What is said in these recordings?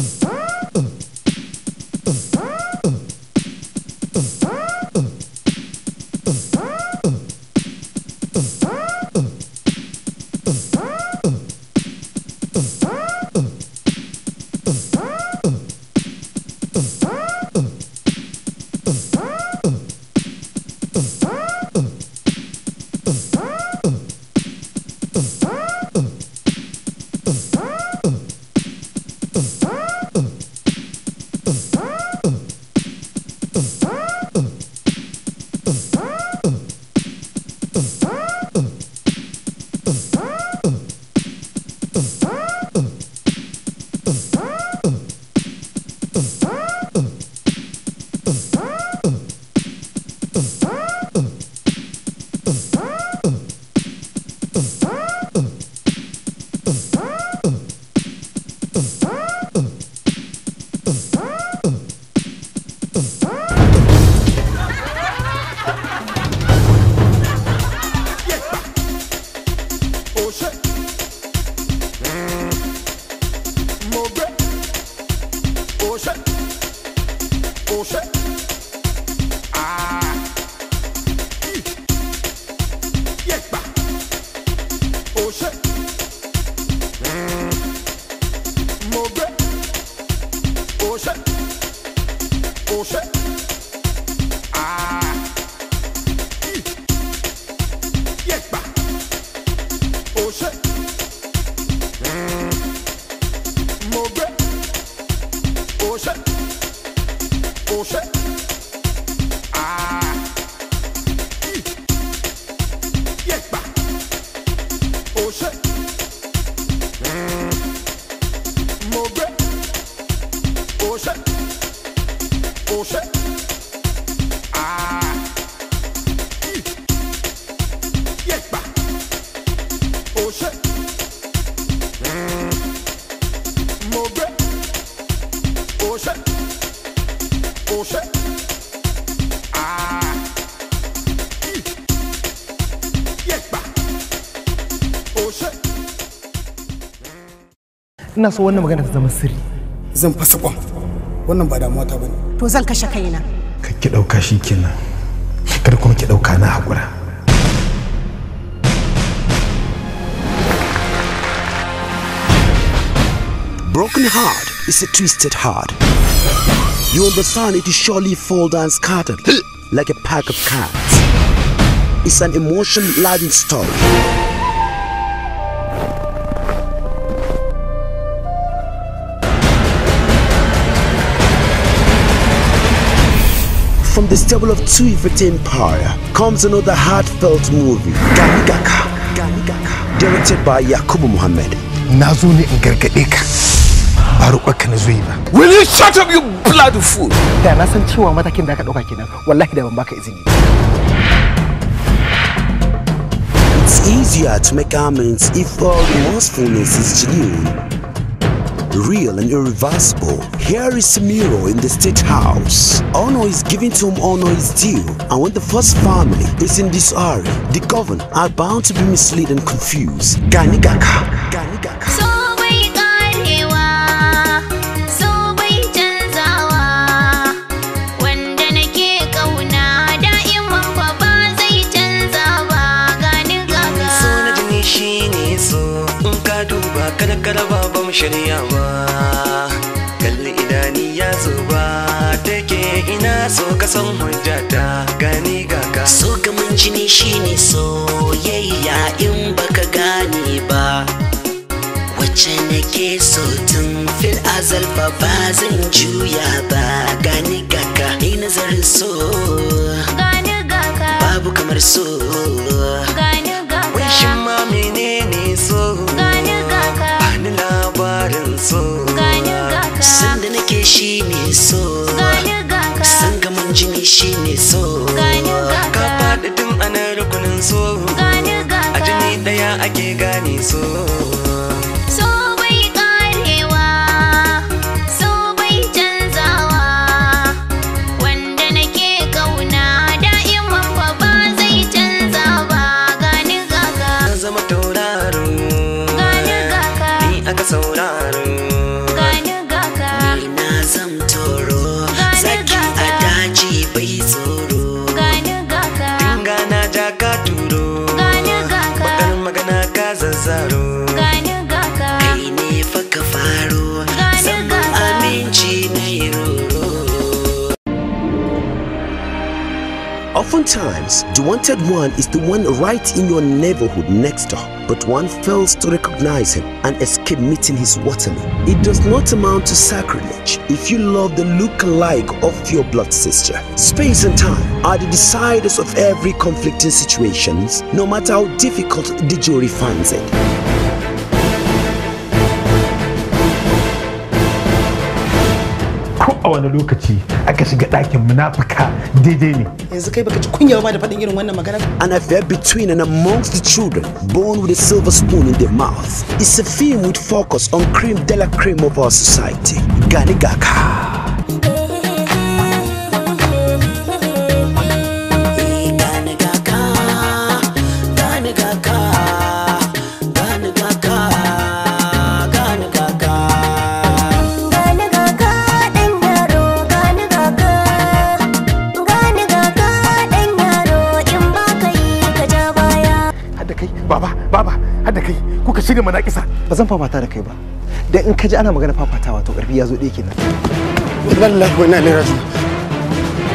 Fuck! Ah. Ina so wannan magana ta zama sirri. Zan fasa kwam. Wannan ba damuwa ta bane. To zan kashe kaina. Ka ki dauka shi kenan. Kada kuma ki dauka na hakura. Broken Heart is a twisted heart. You understand it is surely fold and scattered like a pack of cards. It's an emotion-laden story. From the stable of two Ifrit Empire comes another heartfelt movie, Ganigaka, directed by Yakubu Muhammad. Nazuni Ngergedika faruƙar ka na zuyi ba will you shut up you blood fool da na san cewa matakin da aka ɗauka kenan wallahi da ban baka izini It's easier to make amends if all remorsefulness is genuine, real and irreversible. Here is Miro in the state house. Honor is given to whom honor is due, and when the first family is in this area, the governed are bound to be misled and confused. Ganigaka. Ganigaka. mu shiryawa, ba kalli idani ya zuba take ina so ka san hujjata gani ga ka so mun jini shine soyayya in baka gane ba wacce nake so tun fil azal fa ba zan juya ba gani ga ka ni nazarin so gani ga babu kamar so gani ga ka wai shin ma menene so labarin so san da nake shi ne so san gaman jini shi ne so ka faɗi tun ana rukunin so a jini ɗaya ake gane so Oftentimes, the wanted one is the one right in your neighborhood next door, but one fails to recognize him and escape meeting his waterman. It does not amount to sacrilege if you love the look-alike of your blood sister. Space and time are the deciders of every conflicting situations, no matter how difficult the jury finds it. wani lokaci aka shiga ɗakin munafuka daidai ne yanzu kai baka ci kunya ma da faɗin irin wannan magana an affair between and amongst the children born with a silver spoon in their mouth is a film with focus on cream de la cream of our society gani gaka da kisa ba zan fafata da kai ba dan in ka ji ana magana fafatawa to karfi yazo zo ɗaya kenan wallahi wannan ne rasu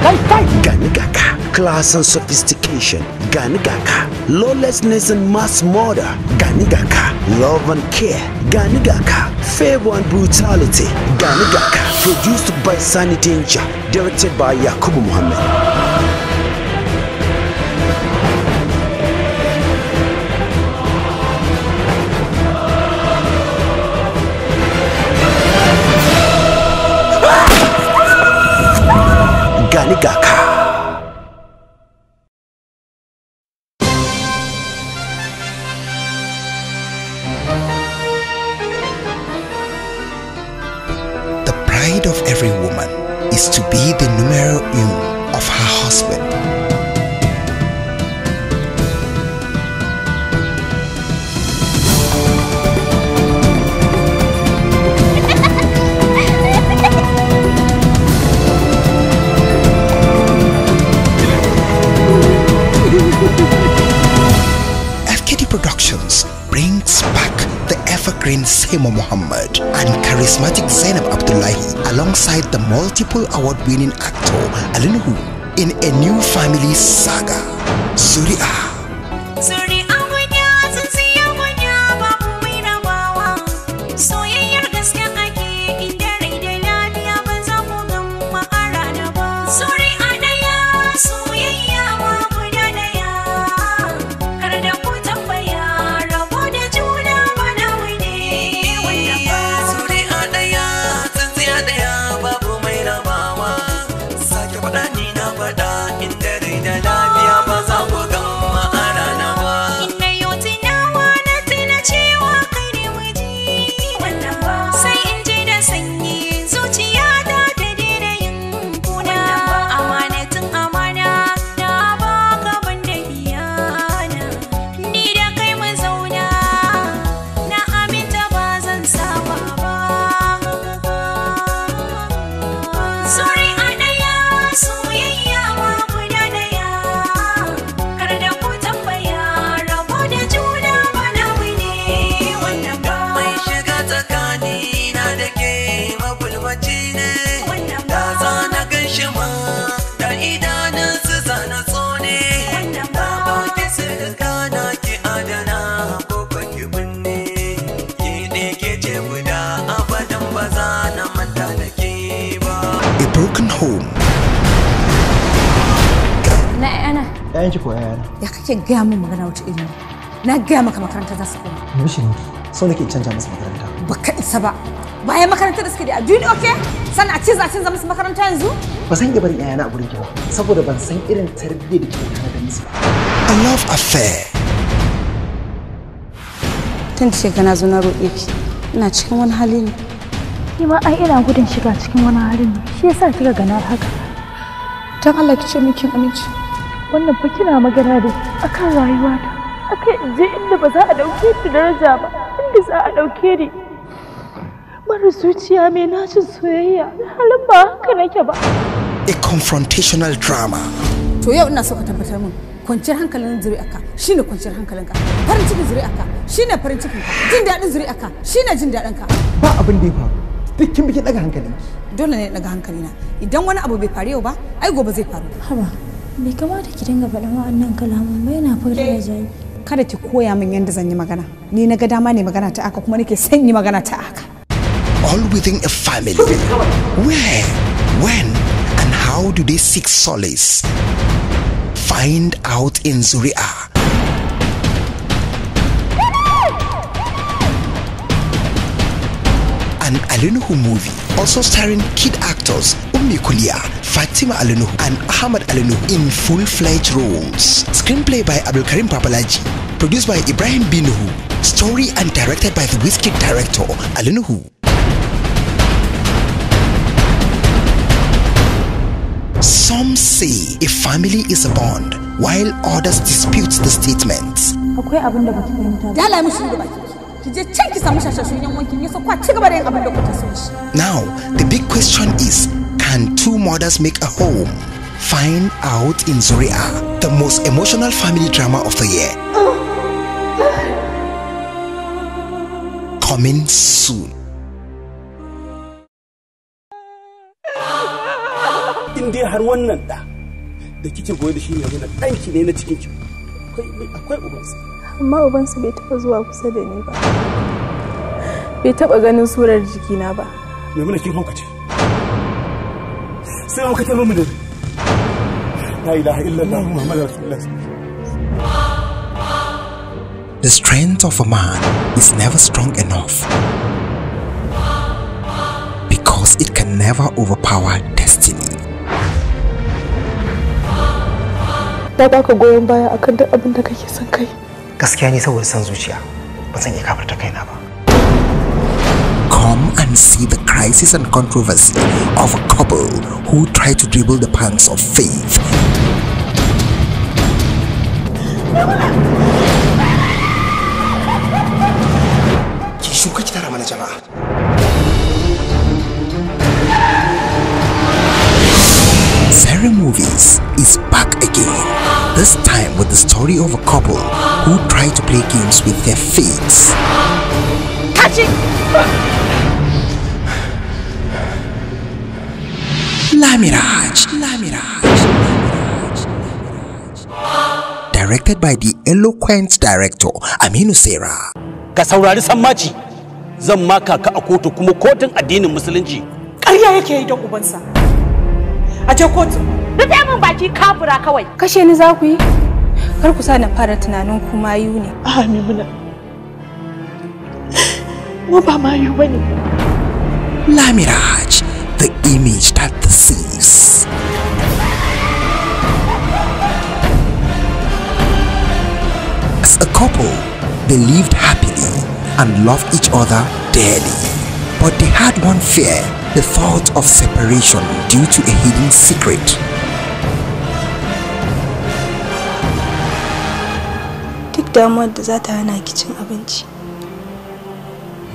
kan kai gani gaka class and sophistication gani gaka lawlessness and mass murder gani gaka love and care gani gaka favor and brutality gani gaka produced by sanity ninja directed by yakubu muhammad award winning actor Alin Hu in a new family saga, Zuri'a. 'ya'yan ki ko 'ya'yana ya kake gaya min magana wata iri na gaya maka makaranta za su koma me shi ne sau nake canja musu makaranta ba ka isa ba bayan makaranta da suke da a duniya oke san a ce za a canza musu makaranta yanzu ba san iya bari 'ya'yana a gurin ki ba saboda ban san irin tarbiyyar da ke kana da musu ba a love affair tun ce kana zo na roƙe ki ina cikin wani hali ne ni ma ai ina gudun shiga cikin wani hali ne shi yasa kika gana haka don Allah ki ce min kin wannan fa kina magana da akan ta akai je inda ba za a dauke ni daraja ba inda za a dauke ni mara zuciya mai nacin soyayya halin ba haka nake ba a confrontational drama to yau ina so ka tabbatar min kwanciyar hankalin zuri'arka shine kwanciyar hankalinka farin cikin zuri'arka shine farin cikin ka jin daɗin zuri'arka shine jin daɗin ka ba abin da ya faru duk kin bikin daga hankalinki dole ne daga hankalina idan wani abu bai faru yau ba ai gobe zai faru haba bai kamata ki dinga faɗin wa'annan kalaman ba yana fara da eh. zai kada ki koya min yadda zan yi magana ni na ga dama ne magana ta aka kuma nake son yi magana ta aka all within a family where when and how do they seek solace find out in Zuria an Alinuhu movie also starring kid actors Sami Kulia, Fatima Alinu, and Ahmad Alinu in full-fledged roles. Screenplay by Abdul Karim Papalaji, produced by Ibrahim Binuhu, story and directed by the Whiskey director Alinuhu. Some say a family is a bond, while others dispute the statement. Now, the big question is Can two mothers make a home? Find out in Zuria, the most emotional family drama of the year. Coming soon. In dai har wannan da da kike goyi da shi ne na ɗanki ne na cikinki akwai ubansa. Amma ubansa bai taba zuwa kusa da ni ba. Bai taba ganin surar jikina ba. Me muna kin hankali? sai da muhammadu The strength of a man is never strong enough because it can never overpower destiny. Da ba goyon baya akan duk abin da kake son kai. Gaskiya ne saboda san zuciya ba zan iya kafarta kaina ba. Come and see the crisis and controversy of a couple try to dribble the pants of faith. Movies is back again. This time with the story of a couple who try to play games with their fates. Catching! La Mirage. Directed by the eloquent director Aminu Sera. Ka saurari sammaci zan maka ka a kotu kuma kotun addinin musulunci. Ƙarya yake yi da ubansa. A je kotu. Rufe min baki kafura kawai. Kashe ni za ku yi? Kar ku sa na fara tunanin ku mayu ne. Amina. Mu ba mayu La Lamiraj, the image that As a couple, they lived happily and loved each other dearly. But they had one fear, the thought of separation due to a hidden secret. Duk damuwar da za ta hana ki cin abinci,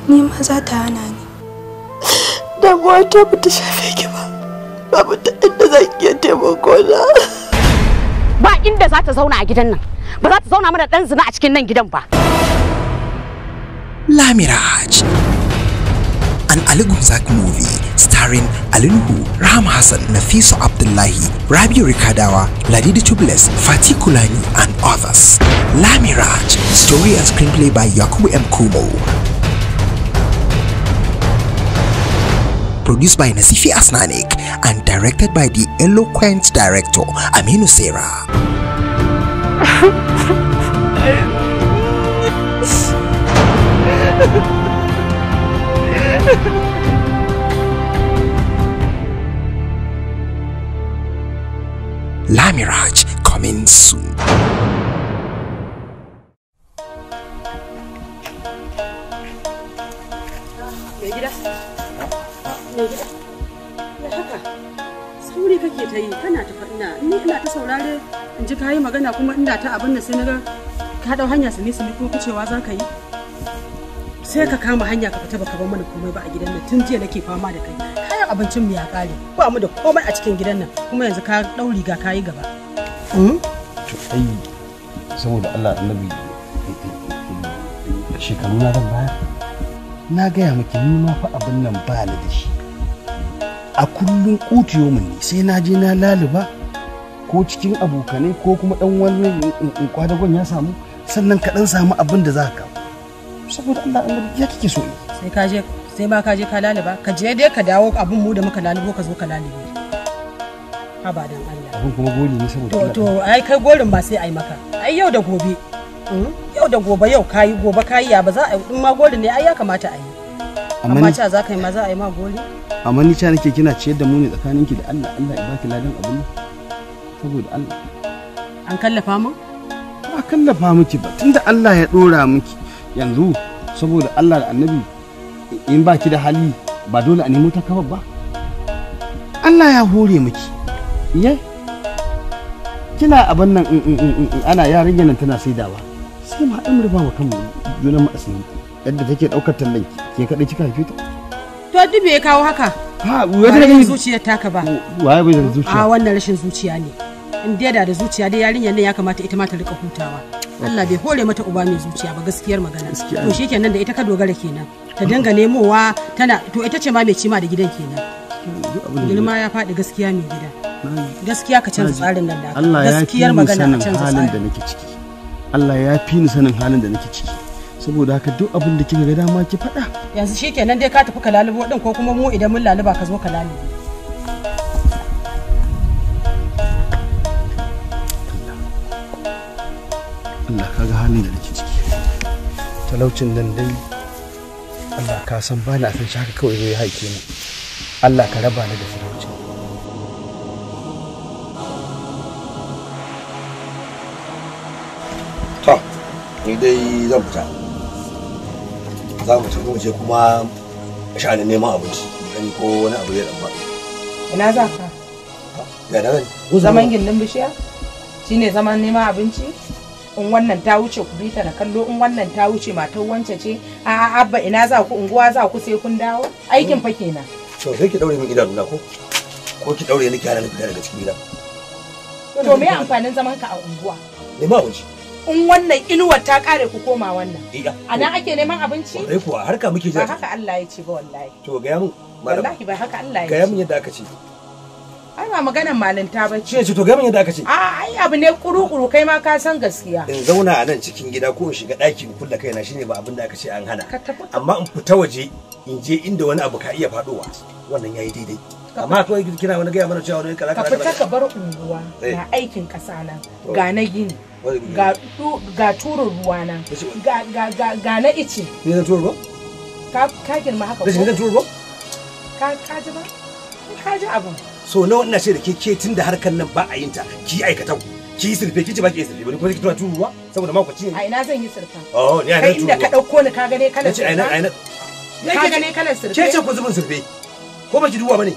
ni ma za ta hana ni. Damuwa ta ba ta shafe babu ta inda za ki iya taimako na ba inda za ta zauna a gidan nan ba za ta zauna mana dan zina a cikin nan gidan ba Lamiraj an Gumzak movie starring Alinuhu, Ram Hassan, nafisu Abdullahi, Rabiu Rikadawa, Ladidi Tubles, Fatih Kulani and others. Lamiraj, story and screenplay by Yakubu M. Kumo, produced by Nasifi Asnanik and directed by the eloquent director Aminu La Mirage coming soon. Ya haka, sauri kake ta yi kana ta faɗina, ni ina ta saurare in ji ka yi magana kuma inda ta abin da sai na ga ka ɗau hanya ne sani ko kucewa za ka yi. Sai ka kama hanya ka fita baka bar mana komai ba a gidan nan tun jiya nake fama da kai. Kayan abincin mu ya ƙare, ba mu da komai a cikin gidan nan kuma yanzu ka ɗau riga ka yi gaba. Hmm? Ai, saboda Allah annabi shekaru na zan bayar. Na gaya miki ni ma fa abin nan ba ni da shi. a kullum kutiyo mun ne sai na je na laluba ko cikin abokanai ko kuma dan wani kwadagon ya samu sannan ka dan samu abin da za ka kawo saboda Allah an ya kike so sai ka je sai ma ka je ka laluba ka je dai ka dawo abin mu da muka lalubo ka zo ka lalube abadan Allah abin kuma gori ne saboda to to ai kai gorin ba sai ai maka ai yau da gobe hmm? yau da gobe yau kayi gobe kayi ya ba za a in ma gorin ne ai ya kamata a yi amma ca za ka yi ma za a yi ma gori amma ni ca nake kina ciyar da mu ne tsakaninki da Allah Allah ya baki ladan ne saboda Allah an kallafa mu ba kallafa miki ba tunda Allah ya dora miki yanzu saboda Allah da annabi in baki da hali ba dole a nemo ta kawar ba Allah ya hore miki ye kina abin nan ana yarin nan tana saidawa sai ma dan rubawa kanmu junan mu yadda take daukar tallai ke kadai cika haife ta to duk me ya kawo haka ha wata ne zuciyar taka ba waye bai da zuciya a wannan rashin zuciya ne in dai da da zuciya dai yarinyar nan ya kamata ita ma ta rika hutawa Allah bai hore mata uba mai zuciya ba gaskiyar magana to shikenan da ita ka dogara kenan ta dinga nemowa tana to ita ce ma mai cima da gidan kenan girma ya faɗi gaskiya mai gida gaskiya ka canza tsarin nan da gaskiyar magana fi ni sanin da nake ciki Allah ya fi ni sanin halin da nake ciki saboda haka duk abin da kika ga dama ki faɗa yanzu shikenan dai ka tafi ka lalubo din ko kuma mu idan mun laluba ka zo ka lalubo Allah ga halin da nake ciki talaucin nan dai Allah ka san bani a san shi haka kawai zai haike ni Allah ka raba ni da talaucin ni dai zan fita za mu tafi je kuma sha'anin neman abinci gani ko wani abu ya dan ba ina za ka ya da zan zaman gindin bishiya shine zaman neman abinci in wannan ta wuce ku bita na kallo in wannan ta wuce matar wance ce a abba ina za ku unguwa za ku sai kun dawo aikin fa kenan to sai ki daure min idanu na ko ko ki daure ni ki ni fita daga cikin gida to me amfanin zaman ka a unguwa neman abinci in wannan inuwar ta kare ku koma wannan eh, a nan ake neman abinci ƙwarai kuwa harka muke jira ba haka Allah ya ce ba wallahi to gaya mun wallahi ba haka Allah ya ce gaya mun yadda aka ce ai ba maganar malinta ba ce ce to gaya mun yadda aka ce a ai abu ne kuru-kuru kai ma ka san gaskiya in zauna a nan cikin gida ko in shiga ɗaki in kulla kaina shine ba abin da aka ce an hana amma in fita waje in je inda wani abu ka iya faɗowa wannan yayi daidai amma to kina wani gaya mana cewa wani kala ka fita ka bar unguwa na eh. aikin kasa nan ga na gini ga turin ruwa nan ga na ice ne na turin ruwa ka girma haka ko ne turin ruwa ka ka ji ba ka ji abin so nawa ina ce da ke ke tunda harkar nan ba a yin ta ki aikata ku ki sirfe ki ci ba ki sirfe ba kuma ki tura turuwa saboda ma ku ci a ina zan yi sirfa oh ni a nan turuwa kai inda ka dauko ni ka gane kalan sirfe ina ina ka gane kalan sirfe ke ce ku zubin sirfe ko ba ki duwa bane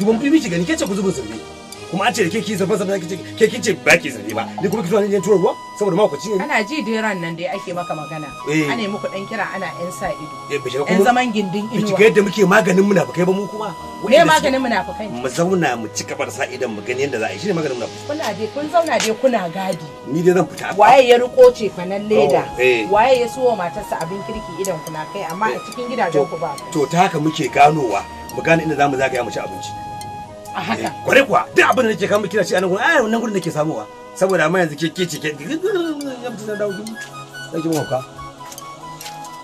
duban bibi ki gani ke ce ku zubin sirfe kuma an ce ke ki zafa zafa ke keke kin ce ba ki zabe ba ni kuma ki zo ne tura ruwa saboda ma ku ci ne ana ji da ran nan dai ake maka magana eh. ana yi muku dan kira ana yan sa ido yan eh, zaman gindin inuwa ki yadda muke maganin munafukai ba mu kuma ne maganin munafukai mu zauna mu ci kafar sa idan mu gani yadda za a yi shine maganin munafukai kuna dai kun zauna dai kuna gadi ni dai zan fita waye ya riko ce fanan leda oh, eh. waye ya suwa matarsa abin kirki idan kuna kai amma a cikin gidajen ku ba to ta haka muke ganowa mu gane inda zamu zagaya mu ci abinci kware kuwa duk abin da nake kama kina ci a nan gurin nan wannan da ke samuwa saboda amma yanzu ke ke ce ke zaki mu ka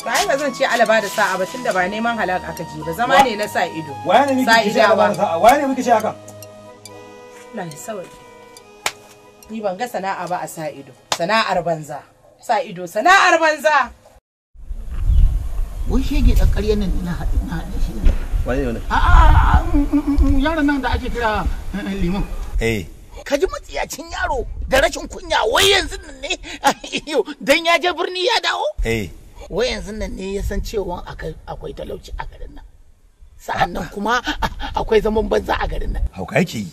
ba ai ba zan ce alaba da sa'a ba tunda ba neman halal aka je ba zama ne na sa ido sa idawa waye ne muke ce haka Allah ya sauke ni ban ga sana'a ba a sa ido sana'ar banza sa ido sana'ar banza wai shege dan ƙarya nan na haɗe na haɗe shi waye wannan a ah, ah, ah, mm, mm, mm, yaron nan da ake kira eh, eh, liman eh ka ji matsiyacin yaro da rashin kunya wai yanzu nan ne dan ya je birni ya dawo eh wai yanzu nan ne ya san cewa akwai talauci a garin nan sa'an nan kuma akwai zaman banza a garin nan hauka yake yi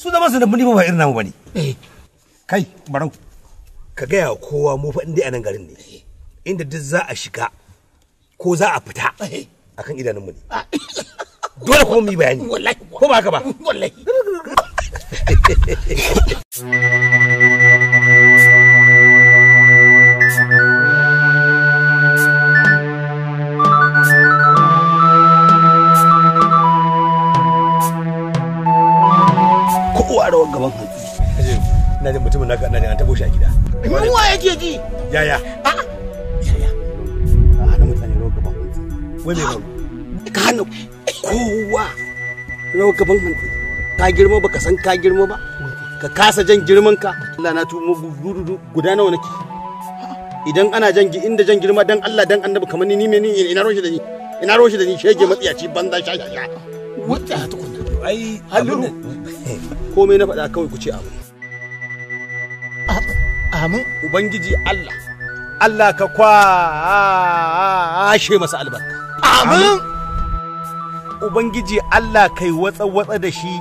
su zama su da muni ba irin namu bane eh. kai barau ka gaya wa kowa mu fa inda a nan garin ne inda duk za a shiga ko za a fita akan idanunmu ne dole ko mu yi bayani ko ba haka ba wallahi Na jin mutumin naka na ne an tabo shi a gida. wa yake ji. Yaya. A'a ah, wai mai faru ka hana kowa rawa gaban hankali ka girma ba ka san ka girma ba ka kasa jan girman ka Allah na tu guda nawa nake idan ana jan inda jan girma dan Allah dan annabi kamar ni ne ni ina roshi da ni ina roshi da ni shege matsiyaci banza sha sha sha wata tukunna ai haluru komai na faɗa kawai ku ce abu Amin. Ubangiji Allah, Allah ka kwashe masa albarka. Amin! Ubangiji Allah kai watsa-watsa da shi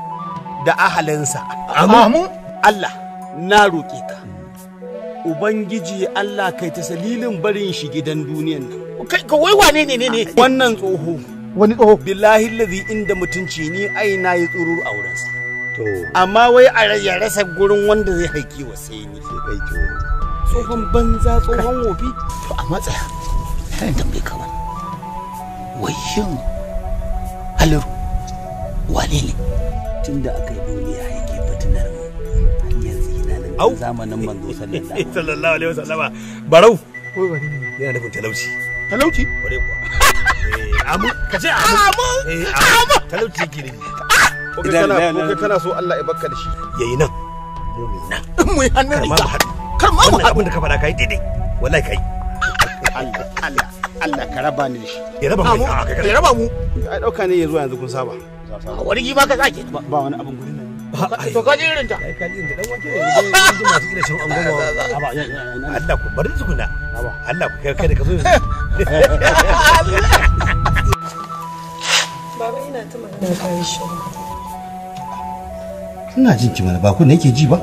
da ahalinsa. Amin! Allah, na roƙe ka. Ubangiji Allah kai ta salilin barin shi gidan duniyan nan. Kai wai wane ne ne? ne. Wannan tsoho. Wani tsoho? Billahi lazi inda mutunci ni aina ya tsurur aurensa. To. Amma wai a ya rasa gurin wanda zai haiki wa sai ni. Sai kai tsohon banza tsohon wofi. To a matsaya. Kan tambaye kawai. wayin haliru wane ne tun da aka yi duniya yake fitinar mu yanzu zamanin manzo sallallahu alaihi wasallam barau yana nufin talauci talauci kware kuwa eh, amu ka ce amu amu eh, talauci yake ah! ko kana so Allah ya baka da shi yayi nan mu mai nan mu kar ma mu abin da ka faɗa kai daidai wallahi kai Allah Allah Allah ka raba ni shi ya raba mu ya raba mu ai dauka ne ya zuwa yanzu kun saba wani gi ba ka tsake ba wani abin gudun nan to ka ji irin ta ai ka ji irin ta dan wanke ne yanzu masu kila shan angoma ba Allah ku bari su kuna Allah ku kai da ka zo Baba ina ta magana kai shi. shiru. Ina jin ki ba ku ne ke ji ba?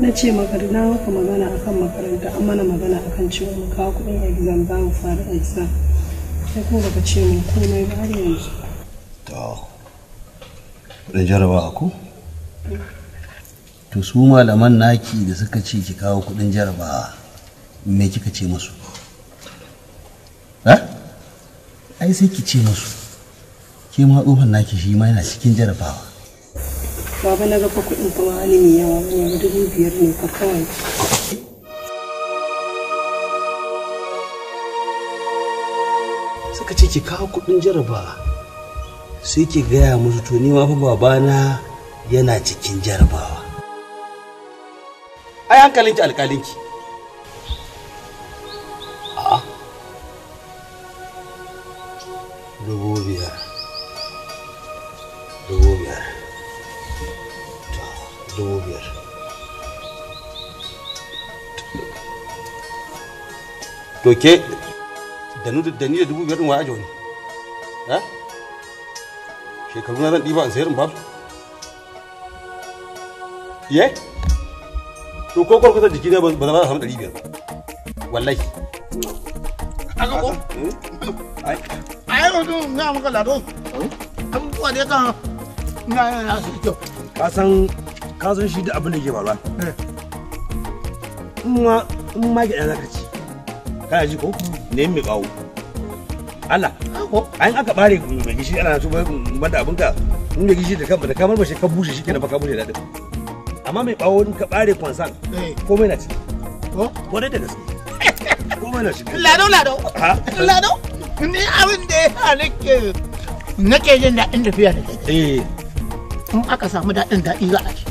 na ce maka na maka magana akan makaranta an mana magana akan cewa mu kawo kuɗin exam za mu fara exam sai kuma baka ce mun komai ba har yanzu to kuɗin jarabawa ku to su malaman naki da suka ce ki kawo kuɗin jarabawa me kika ce musu ai sai ki ce musu ke ma tsohon naki shi ma yana cikin jarabawa baba na ga fa kuɗin fa wani mai yawa ne dubu biyar ne fa kawai suka ce ki kawo kuɗin jaraba sai ki gaya musu to ni ma fa babana yana cikin jarabawa ai hankalinki alkalinki dubu biyar dubu biyar dubu biyar to danu da ni da dubu biyar ɗin wa wani ha shekaru na zan ɗiba in sayar in babu ye to ko kwarkwata jiki na ba za a samu ɗari biyar wallahi aka ko a yi mutum na maka lato abubuwa da ya kan na yana su kyau ka shi da abin da ke faruwa eh. in ma in ma gida zaka ci kana ji ko ne mai bawo Allah an aka bare mai gishi ana so ban da abinka in da gishi da kan da kamar shi ka bushe shi kenan ba ka bushe dadin amma mai bawo in ka bare kwansan eh. komai na ci ko ko da gaske komai na ci lado lado ha lado ni abin da ya nake nake jin daɗin tafiya da ke eh. in aka samu daɗin daɗi za a ci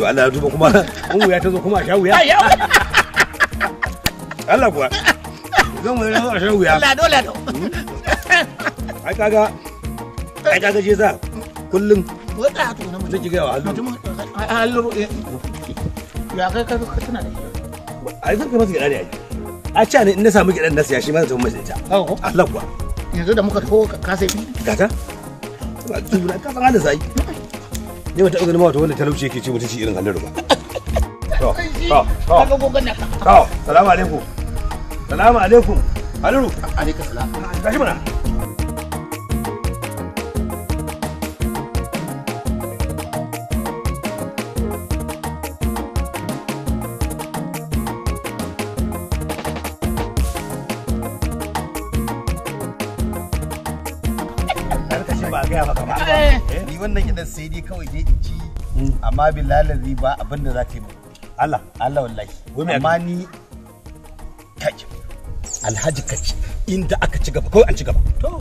to Allah ya tuba kuma in wuya ta zo kuma a sha wuya Allah kuwa zan mu ta a sha wuya lado lado hmm? ai kaga ai kaga je za kullum wata to na mutum jiga wa hallu hallu eh, ya kai ka ka tana da ai zan kai masa gida ne ai a ce ne in na samu gidan nasa ya shi ma zan masa ita Allah kuwa yanzu da muka ko ka sai gata ba tsibira ka fara da sai Ni wata taɓa wata wanda talauci yake ce mutunci irin Halliru ba. To, Salamu alaikum. Salamu alaikum. Halliru. Alaikum salam. Gashi mana. wannan idan sai dai kawai dai in ji amma bilalazi ba abin da za yi mu Allah Allah wallahi amma ni kaji alhaji kaci inda aka ci gaba kawai an ci gaba to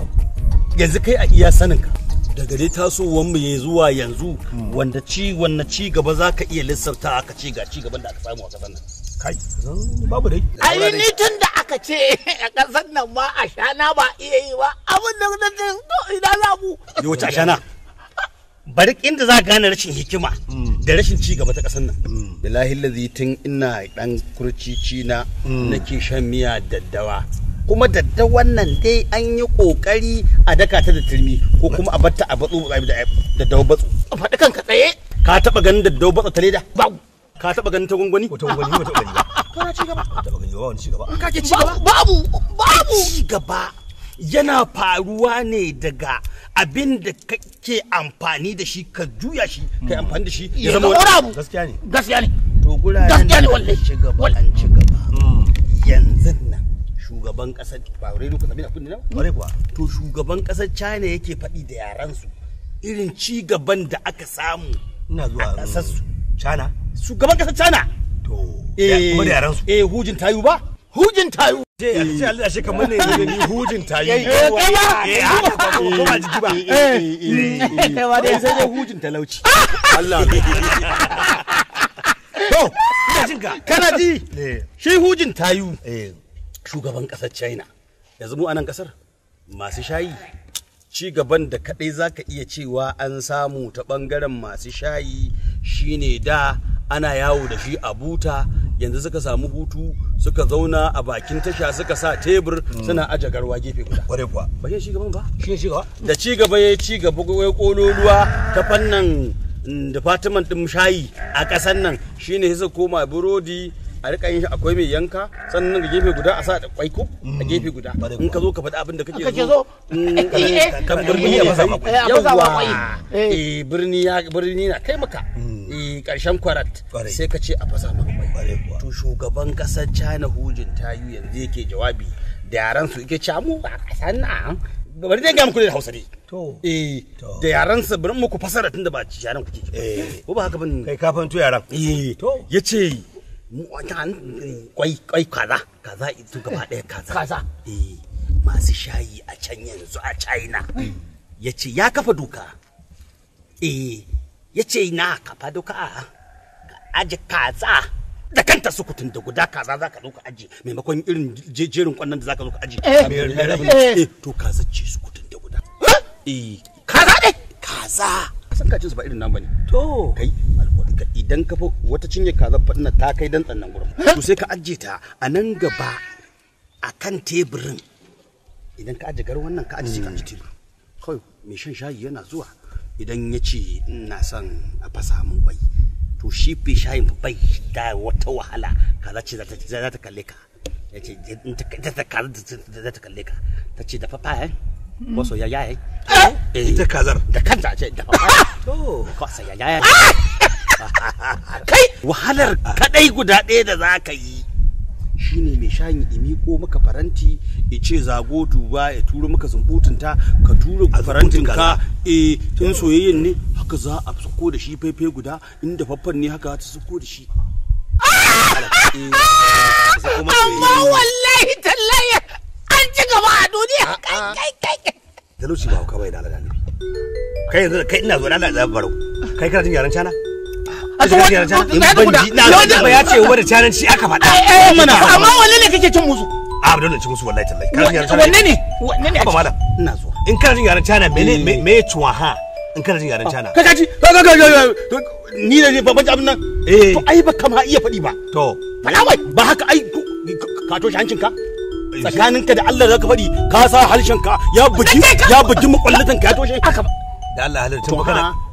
yanzu kai a iya saninka daga dai tasowar mu ya zuwa yanzu wanda ci wanda ci gaba za ka iya lissafta aka ci ga ci gaban da aka samu a kasar nan kai babu dai ai ni tun da aka ce a kasar nan ma a shana ba iya yi ba abin da na ina labu yau ta shana bari inda za gane rashin hikima mm. da rashin ci gaba ta ƙasar nan mm. bilahi lazi tun ina dan kurcici na mm. nake shan miya daddawa kuma daddawan nan dai an yi kokari a daka ta da turmi ko kuma a batta a batsu daddawa batsu faɗi kanka tsaye ka taɓa ganin daddawa batsu ta leda ba ka taɓa ganin ta gwangwani wata gwangwani wata gwangwani kana ci gaba ta gwangwani ba wani ci gaba ka ci gaba babu babu ci gaba yana faruwa ne daga abin da kake amfani da shi ka juya shi ka amfani da shi ya zama wani abu gaskiya ne gaskiya ne to ne wallahi ci gaba an ci gaba hmm. yanzu nan shugaban kasar ba rai duka sabina kudi nan bare kuwa to shugaban kasar China yake faɗi da yaran su irin ci gaban da aka samu ina zuwa kasar su China shugaban kasar China to eh kuma da yaran su eh hujin tayu ba hujin tayu ce Allah ashe kamar ne eh. ni hujin ta yi eh ba eh, eh, ah, ko ba jiki ba eh kai ma dai sai dai hujin talauci Allah to ina jin ka kana ji shi hujin ta yi. shugaban kasar China yanzu mu anan kasar masu shayi ci gaban da kaɗai zaka iya cewa an samu ta ɓangaren masu shayi shine da ana yawo da shi a buta yanzu suka samu hutu suka zauna a bakin tasha suka sa tebur mm. suna aje garwa gefe guda kware kuwa ba shi gaban ba shi shi da ci gaba ya ci gaba ya kono ruwa ta fannin department din shayi a ƙasan nan shine sai koma burodi a rika yin shi akwai mai yanka sannan ga gefe guda a sa da kwaiko a mm. gefe guda in ka zo ka faɗi abin da kake zo mm, eh. kan birni ya fasa kwai eh, eh. eh birni ya birni na kai maka mm. eh karshen kwarat sai ka ce a fasa maka kwai to shugaban kasar China Hujin yi yanzu yake jawabi da yaran su yake camu a kasan nan bari dai ga muku da hausa ne to eh da yaran sa bari muku fasara tunda ba ci yaran kuke ko ba haka bane kai kafan to yaran eh to yace Eh, kwai kwai kaza kaza ito gaba ɗaya kaza kaza eh masu shayi a can yanzu a china ya ce ya kafa doka eh ya ce na kafa doka a aji kaza da kanta su kutun da guda kaza za ka zo ka aji maimakon irin jerin kwannan da za ka zo ka aji eh. eh. to kaza ce su kutun da guda eh kaza dai kaza san kacin su ba irin nan bane to kai idan ka wata cinye kaza fadina ta kai dan tsannan gurin to sai ka ajiye ta a nan gaba a kan teburin idan ka ajiye garin wannan ka ajiye ka ajiye kawai mai shan shayi yana zuwa idan ya ce ina son a fasa bai to shi fi shayin bai da wata wahala ka za ta kai wahalar kadai guda ɗaya da za ka yi shine mai shayin ko maka faranti ya ce zago duba ya turo maka zumbutunta ka turo farantin ka e eh, tun soyayyen ne haka za a suko da shi fefe guda inda faffan ne haka ta suko da shi ah! eh, amma wallahi tallaye an ci gaba a duniya ah, ah. kai kai kai talauci ba ka bai da ne kai yanzu kai ina zo da Allah ya barau kai kana jin yaran cana a ya da guda na ba ya aka faɗa eh, eh, eh, amma ne kake cin musu a ah, ba dole musu wallahi tallahi wanne ne wanne ne ba malam ina zuwa in kana jin yaran cana me me tuwa ha in kana jin yaran ah, cana ka ka ka ni ne babban abin nan eh to ai ba kama iya faɗi ba to faɗa wai ba haka ai ka toshe hancinka tsakaninka da Allah zaka faɗi ka sa harshenka ya bugi ya bugi mukullatanka ya toshe haka da Allah halarta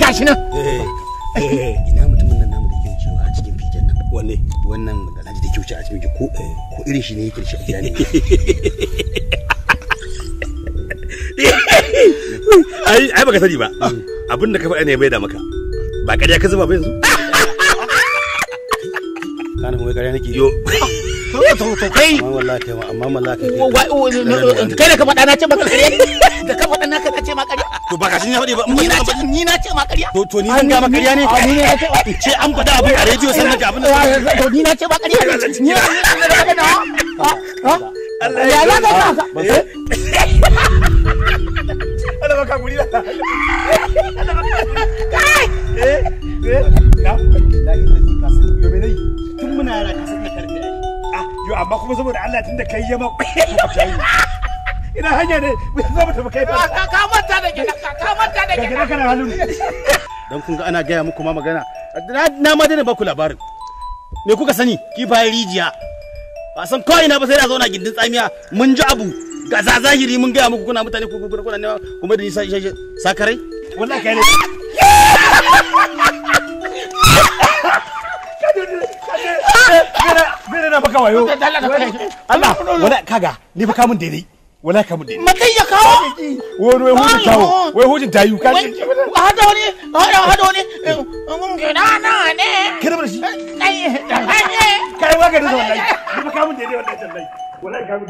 gashi nan ina mutumin nan namu da ke wucewa a cikin fiken nan wanne wannan da da ke a cikin ko ko irin shi ne yake shi a ai ai baka sani ba abin da ka faɗa ne mai da maka ba ƙarya ka zuba ba yanzu kana kuma ƙarya nake yo kai wallahi kai amma wallahi kai da ka faɗa na ce ƙarya da ka faɗa na ce to ba kashin ya faɗi ba ni na ce ni na ce ma ƙarya to to ni an ga ma ƙarya ne ni na ce ce an faɗa abin a rediyo sannan ga abin to ni na ce ba ƙarya ne ni na ce ba ƙarya Allah ya ya ga ba Allah ba ka guri da Allah ba ka kai eh eh na la ilaha kasan yo me dai tun muna yara kasan da karfi ai ah yo amma kuma saboda Allah tunda kai ya ma ina hanya ne za mu tafi kai ba ka manta da gida ka manta da gidanka na halin dan kun ga ana gaya muku ma magana na ma dai ba ku labarin me kuka sani ki kifayen rijiya ba san ko ina ba sai da zauna gindin tsamiya mun ji abu ga za zahiri mun gaya muku kuna mutane ku kuna ne kuma da nisa sakarai wallahi kai ne Allah, wala kaga, ni fa kamun daidai. wala ka bude makai ya kawo wani wai hujin kawo wai hujin tayu ka ji hada wani hada hada wani mun gina na ne kada bar shi kai wa gari da wallahi kuma ka mun daidai wallahi tallahi wallahi ka mun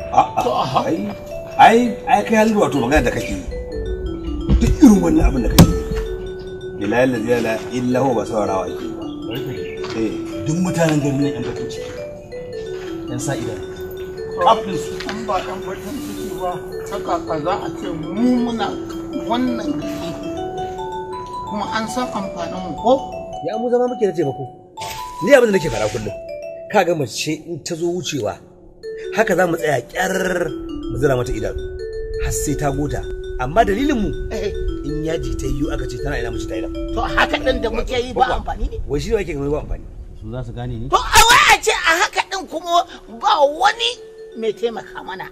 daidai ai ai kai halin wato magana da kake duk irin wannan abin da kake bilayar da zai la illa ho ba saurawa ake ba duk mutanen garin nan an bakin kuce yan sa idan kafin su an ba ɗan bakin ciki ba ta kaka za a ce mu muna wannan gashi kuma an san amfanin mu ko ya mu zama muke na taimako ni abin da nake fara kullum ka ga mace in ta zo wucewa haka za mu tsaya kyar mu zira mata idanu har sai ta gota amma dalilin mu eh, eh. in yaji ta yiwu aka ce tana ina mace ta ina to haka din da muke yi ba amfani ne wai shi ne yake ba amfani su za su gane ni to a wai a ce a haka din kuma ba wani mai taimaka mana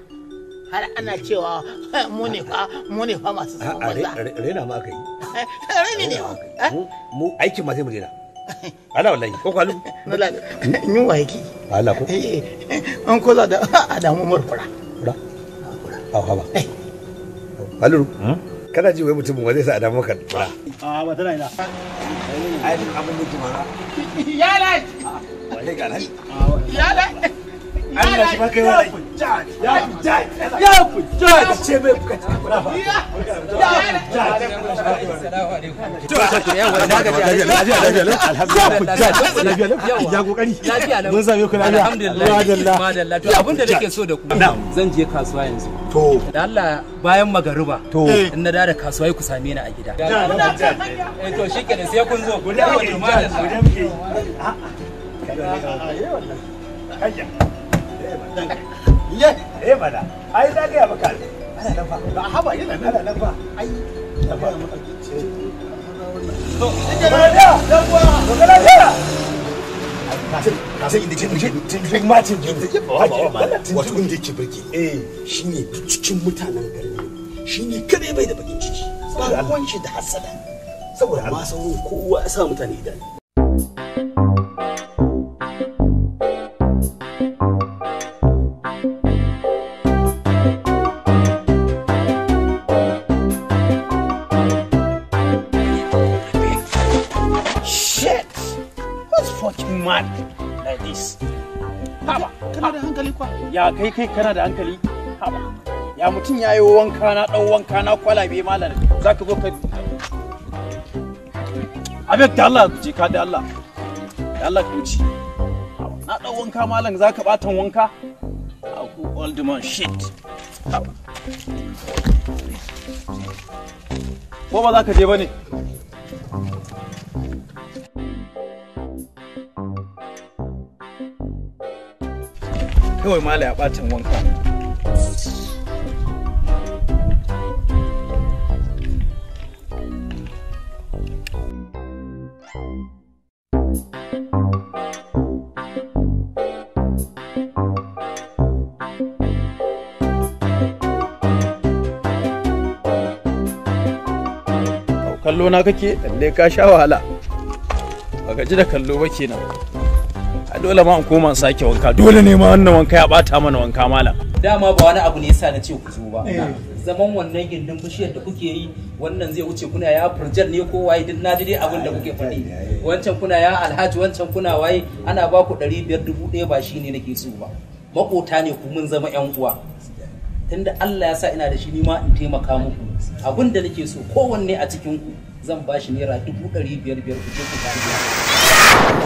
har ana cewa munifa munifa masu zaman banza a yi eh, rena ne eh? mu aikin ala wallahi ko kwalu ni wa yake ala ko an eh, ko za da adamu murfura kura a haba kwalu hmm? kada ji wai mutum wa zai sa adamu ka kura a ba tana ina ai abin da ke mara ya lai ya lai Allah shi nake so da ku. Zan je kasuwa yanzu. To. Da Allah bayan magariba. To. In na da kasuwa ku same ni a gida. Eh shi shikenan sai kun zo. Guda muke. Guda muke. A'a. A'a. A'a. ye eh bana ai za ga baka ana a fa ai da ba mu kake ce to ke mutanen garin shine kadai bai da bakin ciki ba kwanci da hasada saboda amma kowa sa mutane idanu da hankali kwa ya kai kai kana da hankali ya mutum ya yi wanka na dan wanka na kwalabe malam za ka zo ka abin da Allah je ka da Allah da Allah ka wuce na dan wanka malam za ka batan wanka aku old man shit ko ba za ka je ba ne kawai mala ya bacin wanka kallo na kake lalle ka sha wahala ba ji da kallo ba kenan a dole ma in koma in sake wanka dole ne ma wannan wanka ya bata mana wanka malam dama ba wani abu ne yasa na ce ku zo ba eh. zaman wannan gindin bishiyar da kuke yi wannan zai wuce kuna ya furjan ne ko waye duk na dai abin da kuke faɗi wancan kuna ya alhaji wancan kuna waye ana ba ku ɗari biyar dubu ɗaya ba shi ne nake so ba makota ne ku mun zama ƴan uwa tunda Allah ya sa ina da shi ni ma in taimaka muku abin da nake so kowanne a cikin ku zan ba shi naira dubu ɗari biyar biyar ku je ku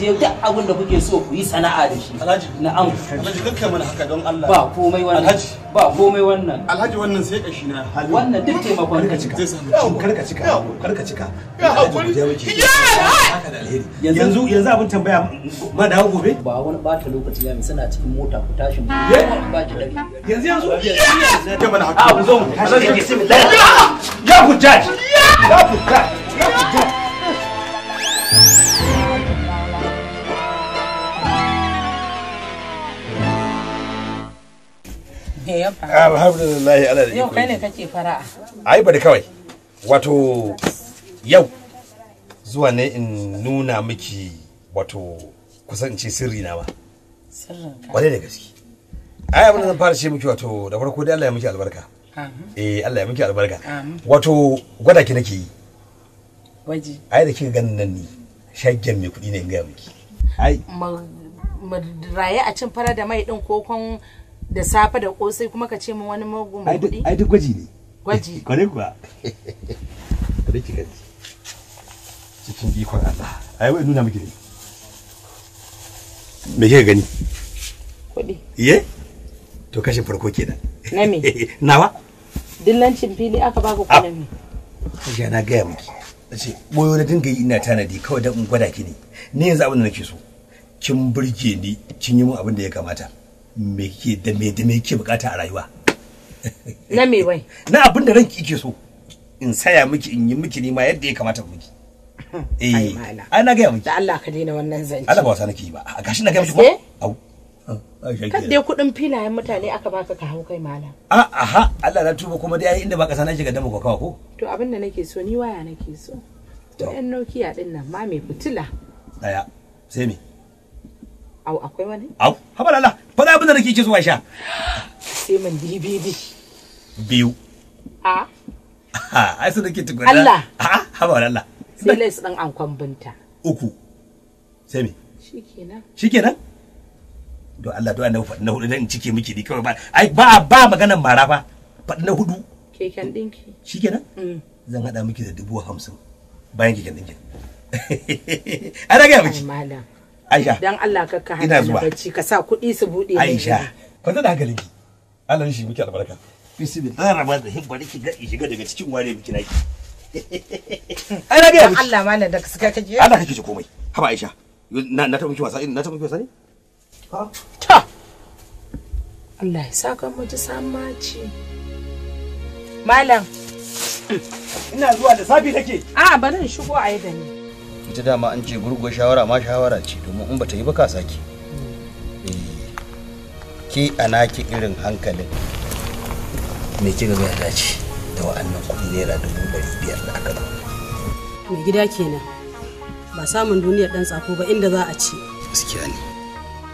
je duk abin da kuke so ku yi sana'a da shi alhaji na'am alhaji dukkan mana haka don Allah ba komai wannan alhaji ba komai wannan alhaji wannan sai kashi na hali wannan duk taimakon ka cika zai samu karka cika ka cika ya hakuri Ya yanzu yanzu abin tambaya ma da gobe ba wani bata lokaci ya mi suna cikin mota ku tashi mu ba ki dare yanzu yanzu ya mana haka a ku zo mu tashi. ya ku tashi ya ku tashi ya ku tashi ka yaba ala da yau kai ne kake fara'a ai bari kawai wato yau zuwa ne in nuna miki wato kusanci sirri na ba sirrin ka da gaske ai abin da zan fara ce miki wato da farko dai Allah ya miki albarka eh Allah ya miki albarka wato gwada ki nake yi waji ai da kika ganin nan ni shaggen mai kuɗi ne in ga miki ai raye a cin fara da mai din ko kon da safe da kosai kuma ka ce min wani mugun kudi ai duk gwaji ne gwaji kwarai kuwa kare ki kaji cikin ikon Allah ai wai nuna miki ne me kika gani kudi iye to kashin farko kenan na me nawa dillancin fili aka ku kuɗi ne ah. ya na gaya miki ce boyo da dinga yi ina tanadi kawai dan gwada ki ne ni yanzu abin da nake so kin burge ni kin yi mun abin da ya kamata me ke da me da me bukata a rayuwa na me wai na abin da ranki kike so in saya miki in yi miki nima yadda ya kamata miki eh ai na ga miki da Allah ka daina wannan zance Allah ba wasa nake ba a gashi na ga miki ko eh? au ah, kan dai kudin filayen mutane aka baka ka hau kai malam a aha Allah na tuba kuma dai inda ba ka sana shiga dama ko kawa ko to abin da nake so ni waya nake so to yan nokiya din nan ma me fitila daya sai me Au akwai wani? Au, haɓar Allah, faɗa abin da nake ke zuwa sha. Sai mun DVD. Biyu. A? A, ai sun nake tukuna. Allah. A, haɓar Allah. Sai su ɗan ankon binta. Uku. Sai me? Shikenan. Shikenan? Don Allah, do Allah, faɗi na hudu in cike miki ni kawai ba. Ai, ba ba maganan mara ba. Faɗi na hudu. Keken ɗinki. Shikenan? Mm. Zan haɗa miki da dubu hamsin bayan keken ɗinkin. Ana gaya miki. Malam. Aisha. Dan Allah ka ka hana bacci ka sa kuɗi su buɗe. Aisha. Kwanta da hankalinki. Allah shi miki albarka. Bismillahir rahmanir rahim bari ki ga shiga daga cikin ware miki naki. Ai na ga Allah malam da suka kake. Allah kake ji komai. Haba Aisha. Na na ta miki wasa ina ta miki wasa ne? Ha? Ta. Allah ya saka mu ji samaci. Malam. Ina zuwa da safi take. A'a bari in shigo a yi da ni. ita dama an ce gurguwa shawara ma shawara ce domin in bata yi ba ka sake eh, ke a naki irin hankalin me kika ga ya dace da wa'annan kuɗi naira dubu ɗari biyar da aka ba mai gida kenan ba samun duniyar ɗan tsako ba inda za a ci gaskiya ne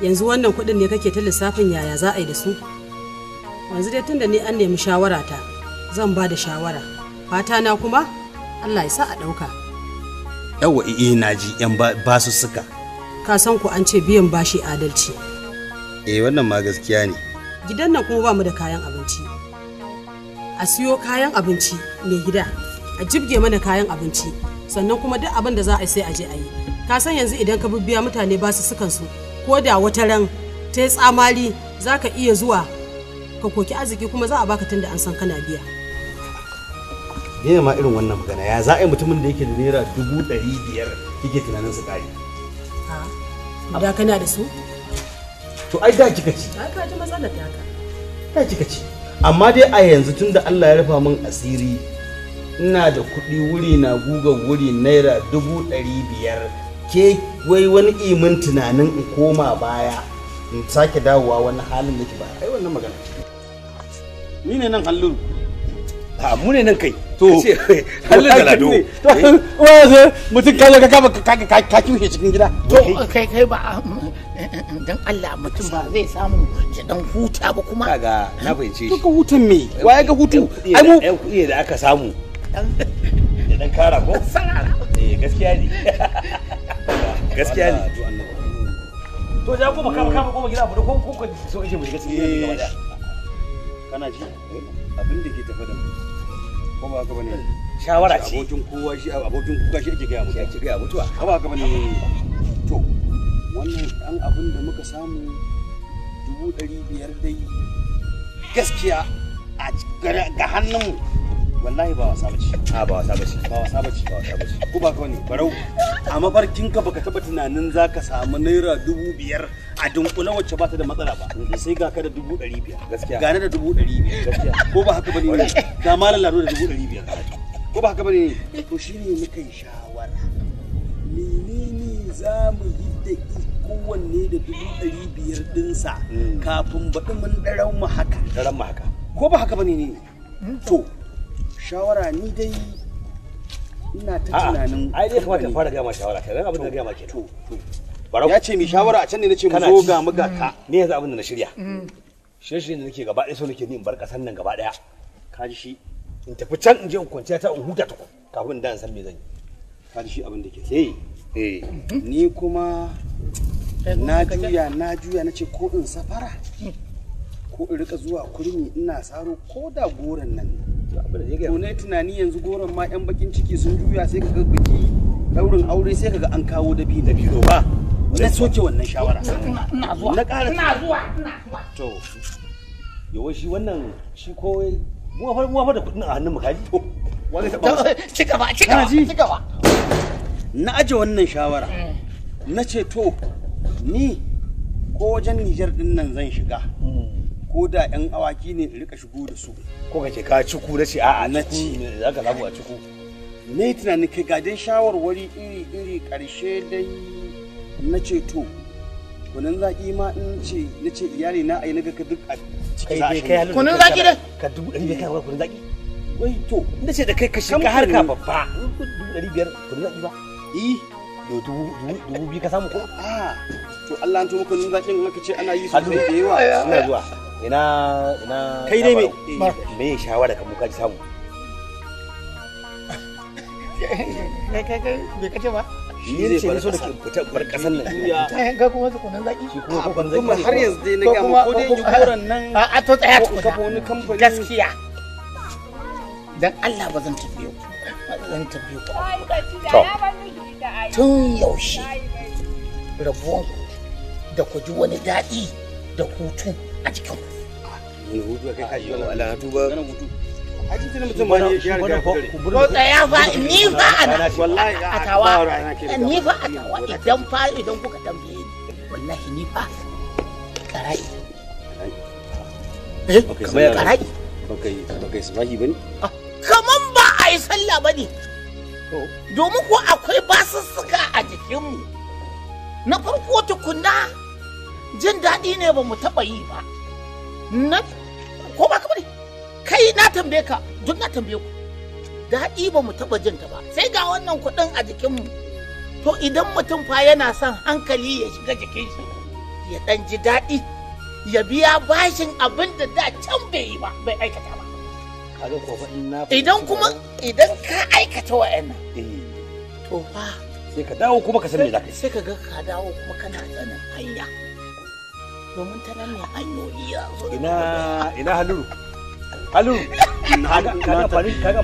yanzu wannan kuɗin ne kake ta lissafin yaya za a yi da su yanzu dai tunda ni an nemi shawara ta zan ba da shawara fata na kuma Allah ya sa a ɗauka yawa eh, eh, na naji yan ba su suka. ka san ku an ce biyan bashi adalci eh wannan ma gaskiya ne gidan nan kuma ba mu da kayan abinci a siyo kayan abinci mai gida a jibge mana kayan abinci sannan kuma duk abin da za a sai a je a yi ka san yanzu idan ka biya mutane ba su sukan su ko da wata ran ta tsamari za ka iya zuwa ka koki arziki kuma za a baka tun da an san kana biya daina ma irin wannan magana ya za a yi mutumin da yake da naira dubu ɗari biyar kike tunanin su ƙari. da kana da su? to ai da kika ci. da ka ji matsalar da ka. da kika ci amma dai a yanzu tun da Allah ya rufa min asiri ina da kuɗi wuri na guga wuri naira dubu ɗari biyar ke wai wani imin tunanin in koma baya in sake dawowa wani halin da ke ba ai wannan magana ni ne nan halin. a mune nan kai to halin da lado eh? mutum ka zo ka kama ka kimshe cikin gida to kai kai ba um, um, um, dan Allah mutum ba zai samu ya dan huta ba kuma kaga na fahimce shi ka hutun me waye ga hutu ai mu ɗan kuɗi da aka samu da dan kara ko eh gaskiya ne gaskiya ne to ja ko ba kama kama goma gida ba ko ko so mu eh. kana ji eh. abin da ke tafi da mu ko ba bane shawara ce abokin kowa shi abokin kuka shi ake gaya mutuwa ake gaya mutuwa ko ba bane to wannan dan abin da muka samu dubu ɗari biyar dai gaskiya a ga mu. wallahi ba wasa bace a ba wasa bace ba wasa bace ba wasa bace ku ba kawai barau a mafarkin ka baka taba tunanin zaka samu naira dubu biyar a dunkule wacce ba ta da matsala ba mm-hmm. sai ga ka da dubu ɗari biyar gaskiya gane da dubu ɗari biyar gaskiya ko ba haka bane ne ga malam lado da dubu ɗari biyar ko ba haka bane ne to shine muka yi shawara menene za mu yi da kowanne da dubu ɗari biyar ɗinsa mm. kafin baɗi mun ɗaran mu haka ɗaran mu haka ko ba haka bane ne mm. to shawara ni dai ina ta tunanin ai dai kamata fara gama shawara kai abin da gama to to ya ce mi shawara a can ne nace mu zo ga mu ga ka mm. ne yanzu abin da na shirya mm. shirye-shirye da nake gaba ɗaya so nake ni in bar kasan nan gaba ɗaya ka ji shi in tafi can in je in kwanciya ta in huta ta kafin in da san me zan yi ka ji shi abin da ke sai eh ni kuma na juya na juya nace ko in safara mm. ko in rika zuwa kurmi ina saro ko da goron nan ko na tunani yanzu goron ma yan bakin ciki sun juya sai kaga biki daurin aure sai kaga an kawo da bi da biro ba na soke wannan shawara ina zuwa na ina zuwa ina zuwa to yawa shi wannan shi ko mu fa mu fa da kudin a hannun mu kaji to wani ta ba ci gaba ci gaba ci gaba na aje wannan shawara eh. na ce to ni ko wajen Nijar din nan zan shiga hmm. ko da yan awaki ne rika shigo da su ko kake ka ciku na ce a'a na ci za ka labu a ciku ne tunani kai gadan shawarwari iri iri karshe dai na ce to kunan zaki ma in ce na ce iyali na ai naga ka duk a kai zashi kunan zaki da ka dubu ɗari biyar kai kunan zaki wai to na ce da kai ka shiga harka babba dubu ɗari biyar kunan zaki ba eh dubu biyu ka samu ko? Ah, to Allah an kunan zakin in aka ce ana yi su da yawa suna zuwa ina ina kai dai me shawara ka muka samu kai kai kai bai kace ba shi ne so da fita bar kasan nan kuma su kunan zaki shi kuma zaki kuma har yanzu dai na ga ko dai nan a a to tsaya ku kafa wani kamfani gaskiya dan Allah ba zan tafi yau zan tafi yau to tun yaushe rabuwan da ku ji wani daɗi da hutu a jikin ku ko tsaya fa ni fa ni fa idan fa idan kuka tambaye ni wallahi ni fa karai eh kamar karai sabahi bane ah, kaman ba a yi sallah bane domin ko akwai basussuka a jikinmu na farko tukunna jin daɗi ne ba mu taɓa yi ba na ko ba ka bane kai na tambaye ka duk na tambaye ku daɗi ba mu taɓa jin ta ba sai ga wannan kuɗin a jikinmu to idan mutum fa yana son hankali ya shiga jikin shi ya ɗan ji daɗi ya biya bashin abin da da can bai yi ba bai aikata ba idan kuma idan ka aikata wa'annan eh. to fa sai ka dawo kuma ka san me za ka yi sai ka ga ka dawo kuma kana tsanin hanya domin tana mai hanyoyi ina ina haluru haluru kaga shekaru kaga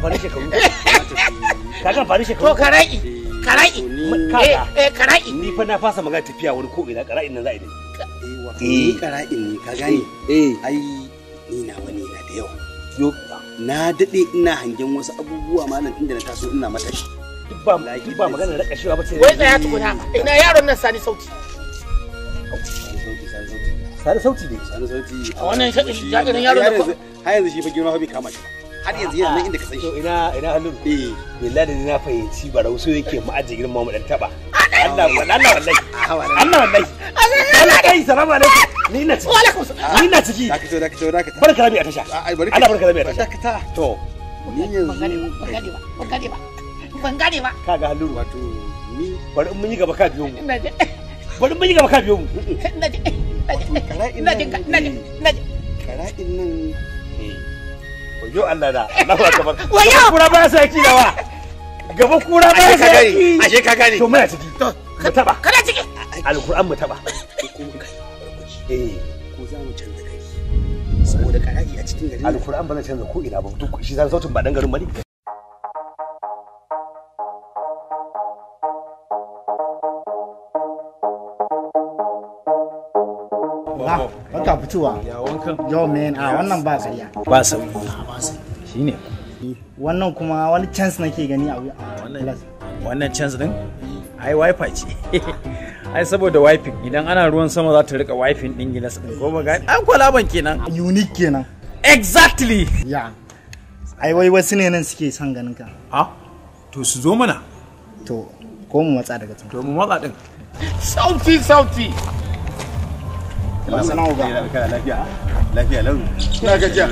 farin shekaru to karai karai eh, eh, eh karai ni fa na fasa magana tafiya wani ko ina karai nan za a yi eh, eh. karai ne ka gane eh ai ni na wani na da yawa na daɗe ina hangen wasu abubuwa malam tun da na taso ina matashi ba magana da kashewa ba ce wai tsaya tukuna ina yaron nan sani sauti sani sauti ne sauti a wannan shaɗin ya ganin yaro da har yanzu shi fa girma fa bai kama shi har yanzu yana inda ka san shi ina ina halin eh billahi na fahimci barau yake mu aje girma mu dan taba Allah wallahi Allah wallahi Allah kai salamu alaikum ni ina ciki wa alaikum ni ina ciki da ka to da ka to barka rabi a tasha Allah barka rabi a tasha ta to ni yanzu ban gane ba ban gane ba ban gane ba kaga halin wato ni bari mun yi gaba ka biyo mu bari mun yi gaba ka biyo mu kara'in nan eh. wayo Allah da allah Allahu akbar wayo kura ba sai ki dawa gaba kura ba sai ki ashe ka gane to muna ciki mu taba kana ciki alquran mu taba eh ko za mu canza gari saboda kara'i a cikin gari alquran ba zan canza ko ina ba duk shi zan sautin ba dan garin bane Ah, baka fitowa yau men a wannan ba tsaya ba sauyi ah, shi ne. wannan kuma wani chance nake gani a ah, wannan wannan chance din ai wifi ce ai saboda wifin idan ana ruwan sama za ta rika wifin din gilas din ko ga an kwalaban kenan unique kenan exactly ya ai wai wasu ne nan suke son ganin ka a to su zo mana to ko mu matsa daga can to mu matsa din sauti sauti lafiya lafiya lau na gajiya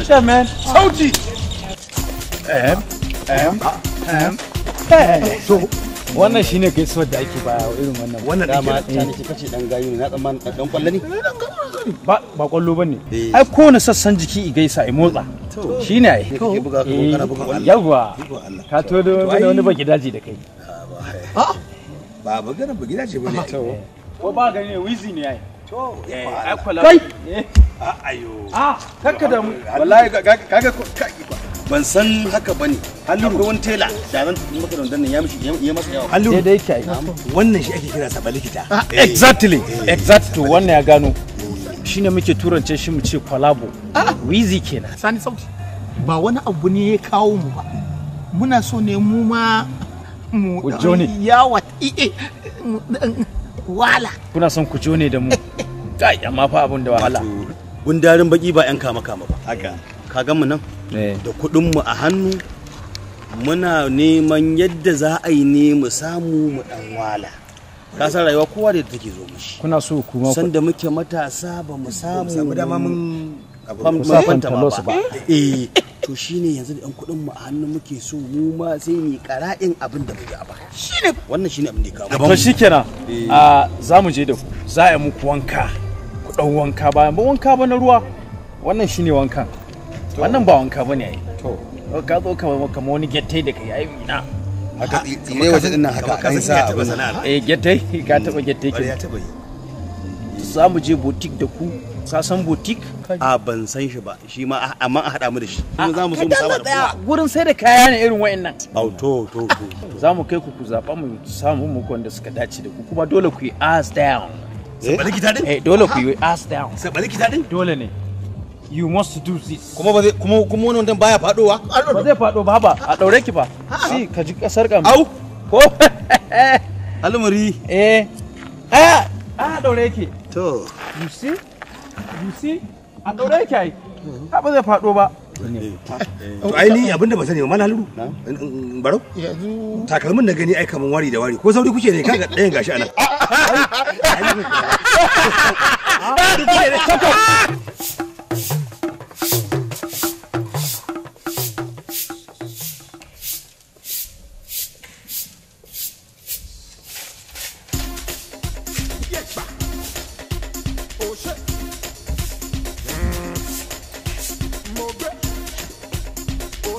wannan shine gaisuwar da ake ba irin wannan wannan dama ta nake kace dan gayu na tsammanin dan kwallo ne ba ba kwallo bane eh. ai kowane sassan jiki i gaisa i motsa shine ai yawa ka to da wani baki daji da kai a ah, ba magana baki daji bane ko ba gane wizi ne ai To, eh, ai kwala. Kai. Ayo. Ah, kakka da Wallahi kaga ban san haka bane. Halluru ko wani tela da ran maka da nan ya mishi ya masa yawa. Halluru. Daidai kai. Wannan shi ake kira saba likita. Ah, eh. Exactly. Eh. Exact to wannan ya gano. Shine muke turance shi mu ce kwalabo. Ah. Wizi kenan. Sani sauti. Ba wani abu ne ya kawo mu ba. Muna so ne mu ma mu yawa wala kuna son ku jone da mu kai amma fa abun da wahala gundarin baki ba yan kama kama ba haka ka gan mu nan eh. da kuɗin mu a hannu muna neman yadda za a yi ne mu samu mu dan wala ka san rayuwa kowa da take zo mishi kuna so kuma sanda muke matasa ba mu samu dama mun abu kusa fantalosu ba eh to shine yanzu da yan kuɗin mu a hannun muke so mu ma sai mu kara'in abin da muke a baya shine wannan shine abin da ya kawo to shikenan eh. a za mu je da ku za a muku wanka ku dau wanka bayan ba wanka ba na ruwa wannan shine wankan wannan ba wanka bane ai to ka zo kamar wani gettai da kai ai ina haka tsire waje din nan haka an sa abin eh gettai ka taba gettai ki za mu je boutique da ku sasan boutique. a ban san shi ba shi ma amma a haɗa mu da shi za mu zo mu saba da gurin sai da kaya ne irin wayannan au to to to za mu kai ku ku zaba mu samu mu wanda suka dace da ku kuma dole ku yi ass down eh? sabali kita din eh dole ku yi ass down sabali kita din dole ne you must do this kuma ba zai kuma kuma wannan dan baya fadowa ba zai fado ba ba a daure ki ba si ka ji kasar kan au ko almuri eh a a daure ki to you see you see a ɗaure kai ai ba zai faɗo ba to ai ni abinda ba sani ba mana haluru barau takalmin na gani ai kaman wari da wari ko sauri kuke ne kaga ɗayan gashi anan Ah!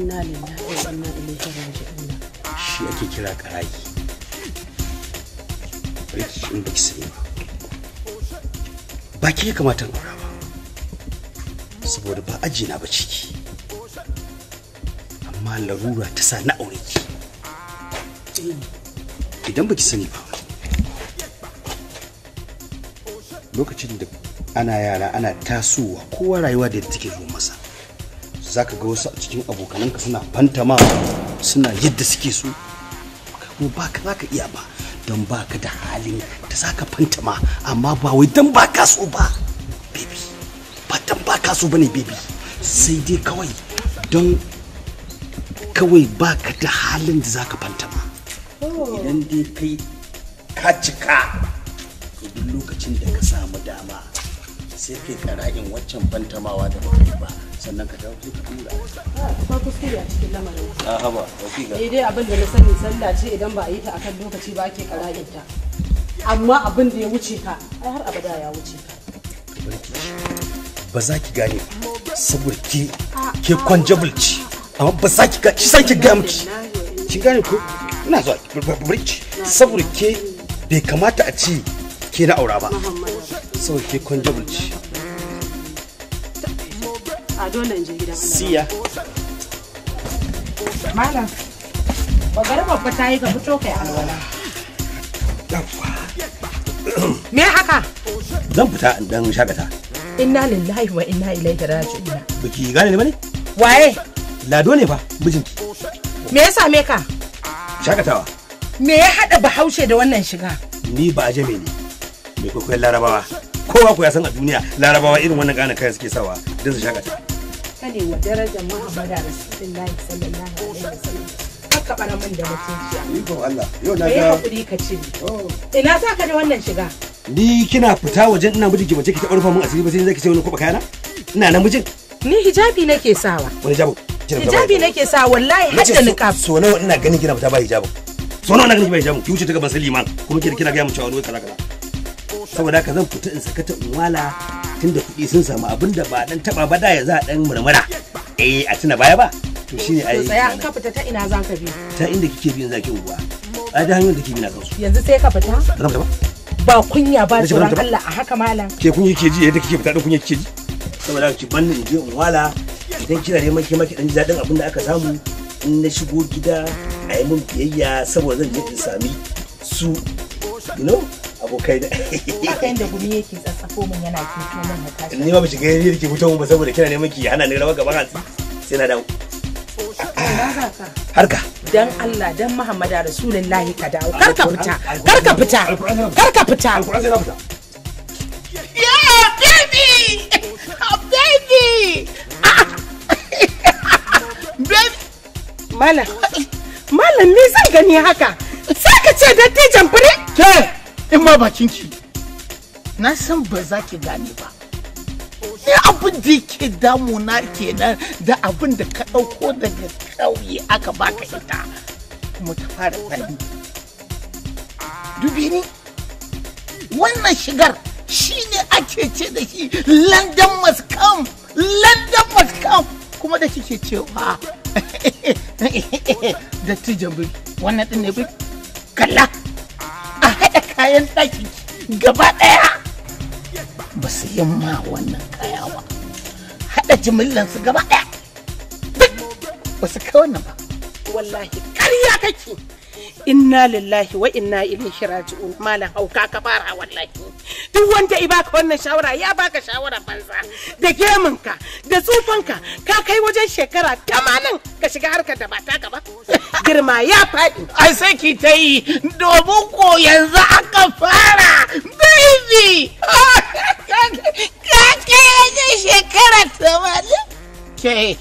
inna lillahi wa inna ilaihi raji'un shi ake kira karayi in ki sani ba ba ke kamata aura ba saboda ba aji na ba ciki amma larura ta sa na aure ki idan ba ki sani ba lokacin da ana yara ana tasowa kowa rayuwa da take zo masa zaka ga wasu a cikin abokananka suna fantama suna yadda suke so kuma ba ka ka iya ba don ba ka da halin da za fantama amma ba wai don ba ka so ba baby ba don ba ka so ba ne baby sai dai kawai don kawai ba ka da halin da zaka fantama idan dai kai ka cika to duk lokacin da ka samu dama sai kai kara'in waccan fantamawa da ba ba sannan ka dawo ka tura ba kuskure a cikin lamarin a ah, haba wakiga eh dai abin da na sani sallah ce idan ba a yi ta akan lokaci ba ake kara'in ta amma abin da ya wuce ka ai har abada ya wuce ka ba za ki gane saboda ke ke kwanjabul ci amma ba za ki gane shi ki ga miki ki gane ko ina zuwa bridge saboda ke bai kamata a ce ke na aura ba saboda ke kwanjabul ci dole in je gidan Siya. Malam, bagarmar fa ta yi ka fito kai alwala. Me haka? Zan fita in dan shakata. Inna lillahi wa inna ilaihi raji'un. Biki gane ne ba ne. Waye? Lado ne fa mijinki. Me ya me ka? Shakatawa. Me ya hada bahaushe da wannan shiga? Ni ba jame ne. Me kwaikwayon larabawa. Kowa ku ya san a duniya larabawa irin wannan gane kayan suke sawa don su shakata. sane wa darajar Muhammad Rasulullahi sallallahu alaihi wasallam haka min da Allah yau na ga ka ci oh. ina da wannan shiga ni kina fita wajen ina miji mace ki ta rufa asiri ba sai zaki sai wani kuba kayana ina namijin ni hijabi nake sawa wani hijabi hijabi nake sawa wallahi hadda niqab so nawa ina ganin kina fita ba hijabin so nawa ina ganin ba hijabin ki wuce ta gaban Suleiman kuma kina ga mu cewa wani kaza saboda haka zan fita in sakata in wala tunda kuɗi sun samu abin da ba dan taba ba da ya za dan murmura eh a tuna baya ba to shine ai tsaya an ka fita ta ina zan ka bi ta inda kike bi zaki uwa a da hanyoyin da kike bi na kansu yanzu sai ka fita ba kunya ba ran Allah a haka malam ke kunya kike ji yadda kike fita da kunya kike ji saboda ki banni in je in wala idan kina neman ke maki dan ji dadin abin da aka samu in na shigo gida a yi min biyayya saboda zan je in sami su you know abokai da haka inda gumi yake tsatsafo mun yana fito mun na ni ba mu shiga yadda yake fito ba saboda kina neman ki hana ni sai na dawo harka dan Allah dan Muhammad Rasulullahi ka dawo kar ka fita kar ka fita kar ka fita ya baby ah, baby ah, ah. baby Mala. malam me zan gani haka sai ka ce dattijan fure ke in ma bakin ki na san ba za ki gane ba ni abin da yake damuna kenan da abin da ka ɗauko daga ƙauye aka baka ita kuma ta fara tsari dubi ni wannan shigar shi ne ake ce da shi Landan must come london must come kuma da kike cewa da tijabi wannan ɗin ne bi kalla kayan ɗaki gaba ɗaya ba su yi ma wannan kaya ba haɗa su gaba ɗaya ba su kai wannan ba wallahi ƙarya kake inna lillahi wa inna ilaihi raji'un malam hauka ka fara wallahi duk wanda i baka wannan shawara ya baka shawara banza da geminka da tsufanka ka kai wajen shekara tamanin ka shiga harkar da ba taka ba girma ya faɗi a saki ta yi domin ko yanzu aka fara baby ka kai wajen shekara tamanin ke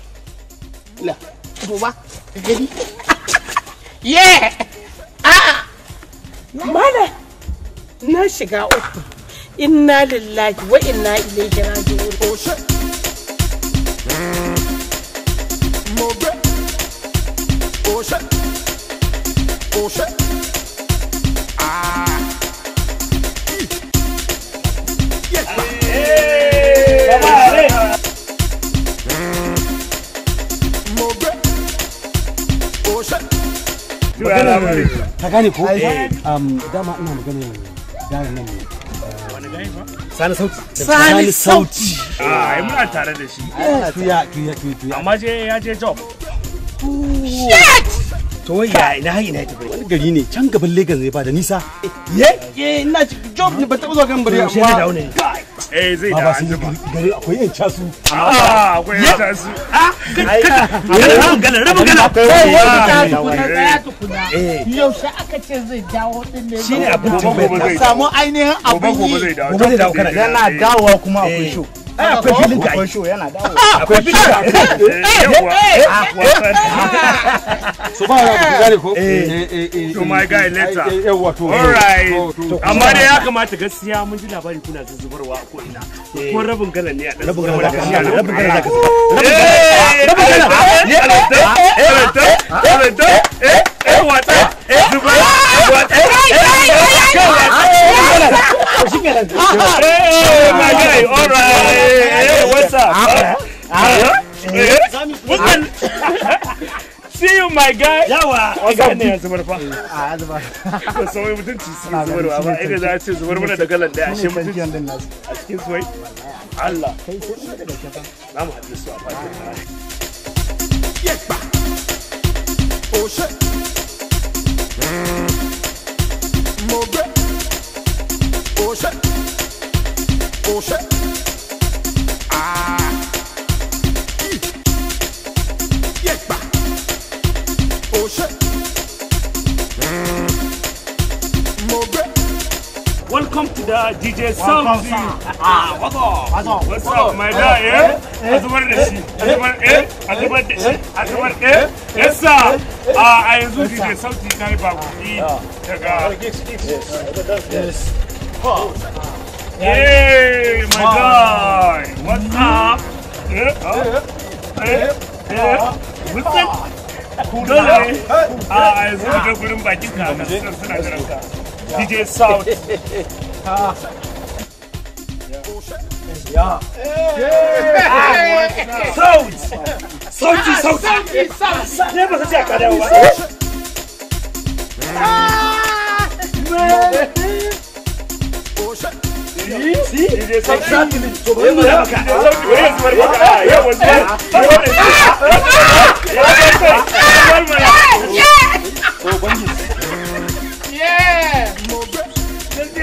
la duba gani Yeah! ah, Mana! Na shiga uku. Inna lillahi wa inna ilaihi raji'un. Oh shit. Mobe. Oh shit. Oh shit. Ah. Yes. Hey. Hey. magana ne ka gane ko dama ina magana ne nan ne sani sauti sani sauti a muna tare da shi eh, tuya tuya tuya amma je ya je job shit to ya ina ina tafi wani gari ne can gaban Lagos zai bada nisa ye ina job ne ba taba zuwa kan bari amma eh zai da an zuba gari akwai yan casu a ah, akwai yan casu a rabu gana rabu gana akwai wani tukuna tsaya tukuna eh. yaushe aka ce zai dawo din ne shine abin samu ainihin abin yi gobe zai dawo kana yana dawowa kuma akwai eh. show akwai filin da akwai show yana dawowa akwai filin da akwai to my guy later alright amma dai ya kamata gaskiya mun ji labari kuna zuzzubarwa ko ina ko rabin gala ne a dan rabin gala rabin gala rabin gala ne alanta alanta alanta eh eh wata eh zuba wata eh my guy alright hey what's up Huh? Huh? Huh? Huh? Huh? See you, my guy. Yawa. What's ne yanzu murfa? A yanzu ba. Ba sauyi mutunci su yi zuwarwa ba. Ina za a ce zuwar da galan da ashe mutunci. A cikin suwai. Allah. Kai sai ina da gaske fa. Na mu haɗe su a fatin tare. Yabba. Oshe. Mobe. Oshe. Oshe. da DJ Samsi. Ah, ah, what's up? What's up, my guy, eh? Eh? eh? Azubar da shi, eh? azubar eh, azubar da shi, azubar eh. Yes sir. Ah, a yanzu DJ Samsi ta yi bakuri ah. ah, Yes. Yes. Yes. Hey, my guy. What's mm-hmm. up? Eh, eh, eh. What's up? Dole ne a yanzu da gurin bakin ka suna jiranka. DJ South. Ah. Ja. Saúde! Saúde, saúde! Saúde, Lembra da minha cara, Ah! Meu Deus! Sì, sì, sì, saltate di sopra la bocca. Io sono di questo per bocca. Io vuol dire. Io vuol dire. Io vuol dire. Io vuol dire. Oh, buonissimo. Yeah!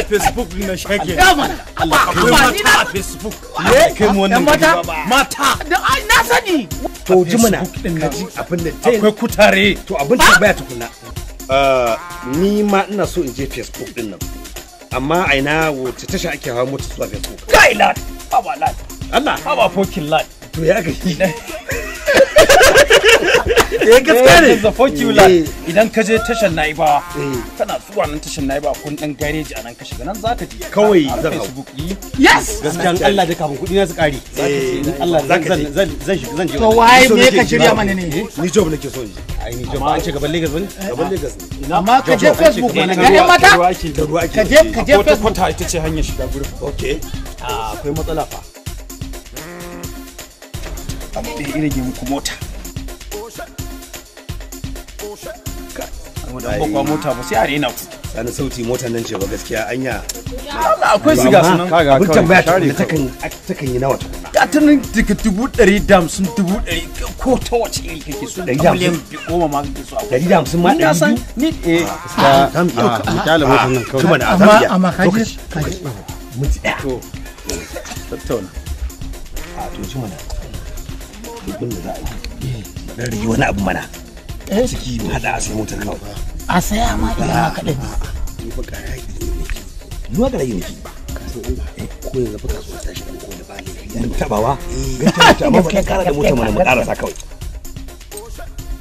a facebook na shege ya mata a na sani to ji mana abin da akwai kutare to abin baya tukuna eh, ni ma ina so in je facebook din nan amma a ina wace tasha ake hawa mota zuwa facebook kai lad lad Allah fokin lad to ya ga shi eh gaskiya ne da eh, fokula eh. idan ka je tashar naiba eh. kana zuwa nan tashar naiba kun dan gareji a nan ka shiga nan zaka je kawai zan facebook yi yes gaskiya Allah da kafin kudi na su kare Allah zan zan zan shiga zan je to wai me ka shirya mana ne ni job nake so ni ai ni job an ce gaban Lagos bane gaban Lagos ne amma ka je facebook mana ga yan mata ka je ka je facebook ta ita ce hanyar shiga gurin okay ah, akwai matsala fa abu irin muku mota dan bakwa mota ba sai a rena ku sani sauti mota nan ce ba gaskiya anya akwai siga sunan kaga abin tambaya ta da takan takan yi nawa tukuna ga ta daga dubu ɗari da hamsin dubu ɗari ko ta wace iri kake so ɗari da hamsin goma ma kake so ɗari da hamsin ma ɗari san ni eh ah, ah, ta ah, nan kawai amma amma kaje kaje to tattauna a to ji mana abin da za a yi dan wani abu mana eh? ciki mu hada a sai kawai a saya ma ina ba ah. ƙara yi ne ruwa yi ko yanzu ba ta shi ko da ba ne yan tabawa ta amma ba da mana mu sa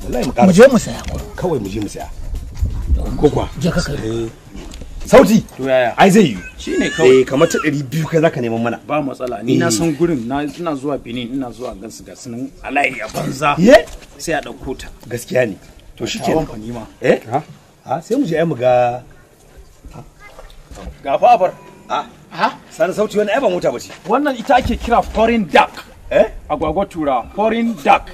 kawai wallahi mu mu je mu saya kawai mu je mu saya ko je ka kai eh. sauti ai zai yi shine kawai eh kamar ta 200 biyu kai zaka neman mana ba matsala ni na eh. san gurin na ina zuwa benin ina zuwa gansu ga sunan Alai a banza ye sai a ɗauko ta gaskiya ne to shi ke ma eh ha sai mu je ai mu ga ga fabar ha sanin sauti wani ai ba mota ba ce wannan ita ake kira foreign duck eh agwagwa tura foreign duck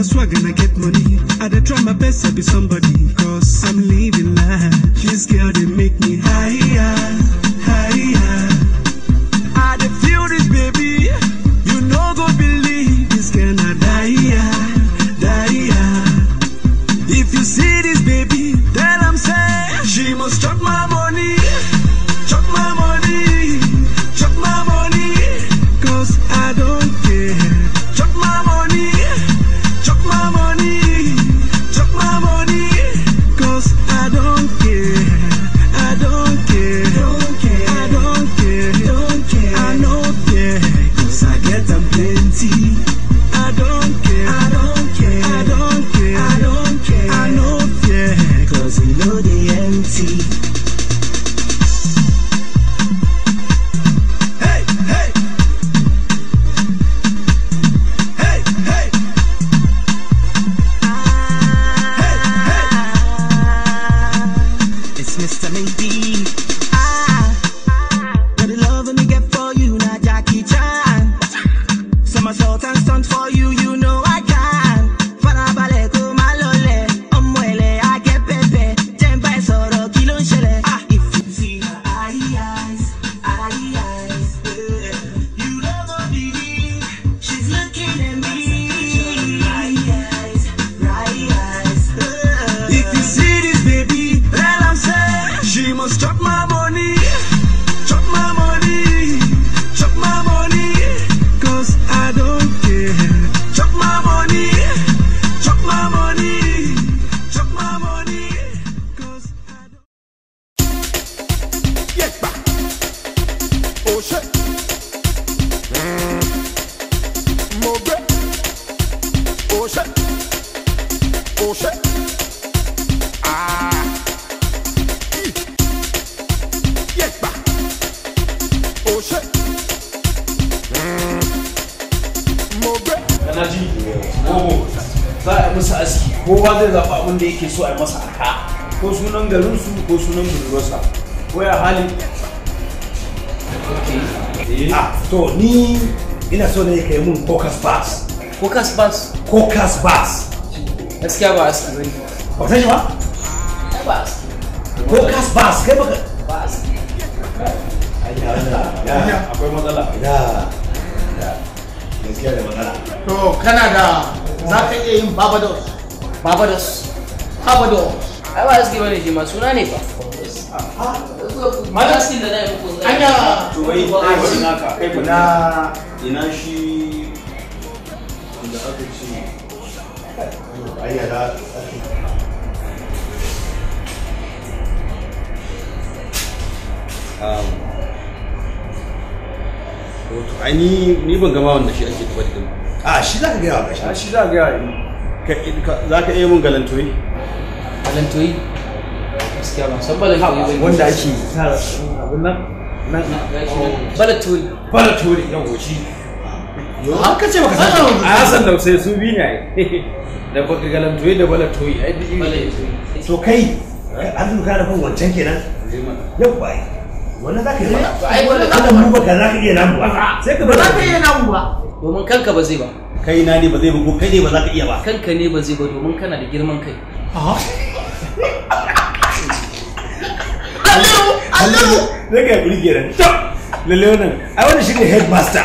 my swag and I get money. I dey try my best to be somebody, cause I'm living life. This girl they make me higher, higher. I dey feel this baby, you know go believe this girl na die, die. If you see this baby, tell I'm say she must drop bas Cocas bas gaskiya ba aski bane ba san shi ba ba aski ko bas kai baka ba akwai matsala ya gaskiya da matsala to kana da za ka iya yin barbados barbados barbados ai ba shi ne ba da na yi muku zai. Anya! na da aka um, wato ni ban gama wanda shi ake tabbata din a shi zaka ga ba shi shi zaka ka iya mun galantoyi galantoyi gaskiya ban san balantoyi ba wanda ake tsara abin nan nan oh. balantoyi balantoyi har ka ce baka san a hasan da sai su biyu ne da baka galantoyi da bala toyi ai duk iri to kai an k'a da kan wancan kenan yau ba wannan za yi ba ai wannan za ka eh, ba ka za ka iya namu ba sai ka ba za ka iya namu ba domin kanka ba zai ba kai na ne ba zai ba ko kai ne ba za ka iya ba kanka ne ba zai ba domin kana da girman kai Allahu Allahu zai ka yi burgeran lalle wannan ai wannan shine headmaster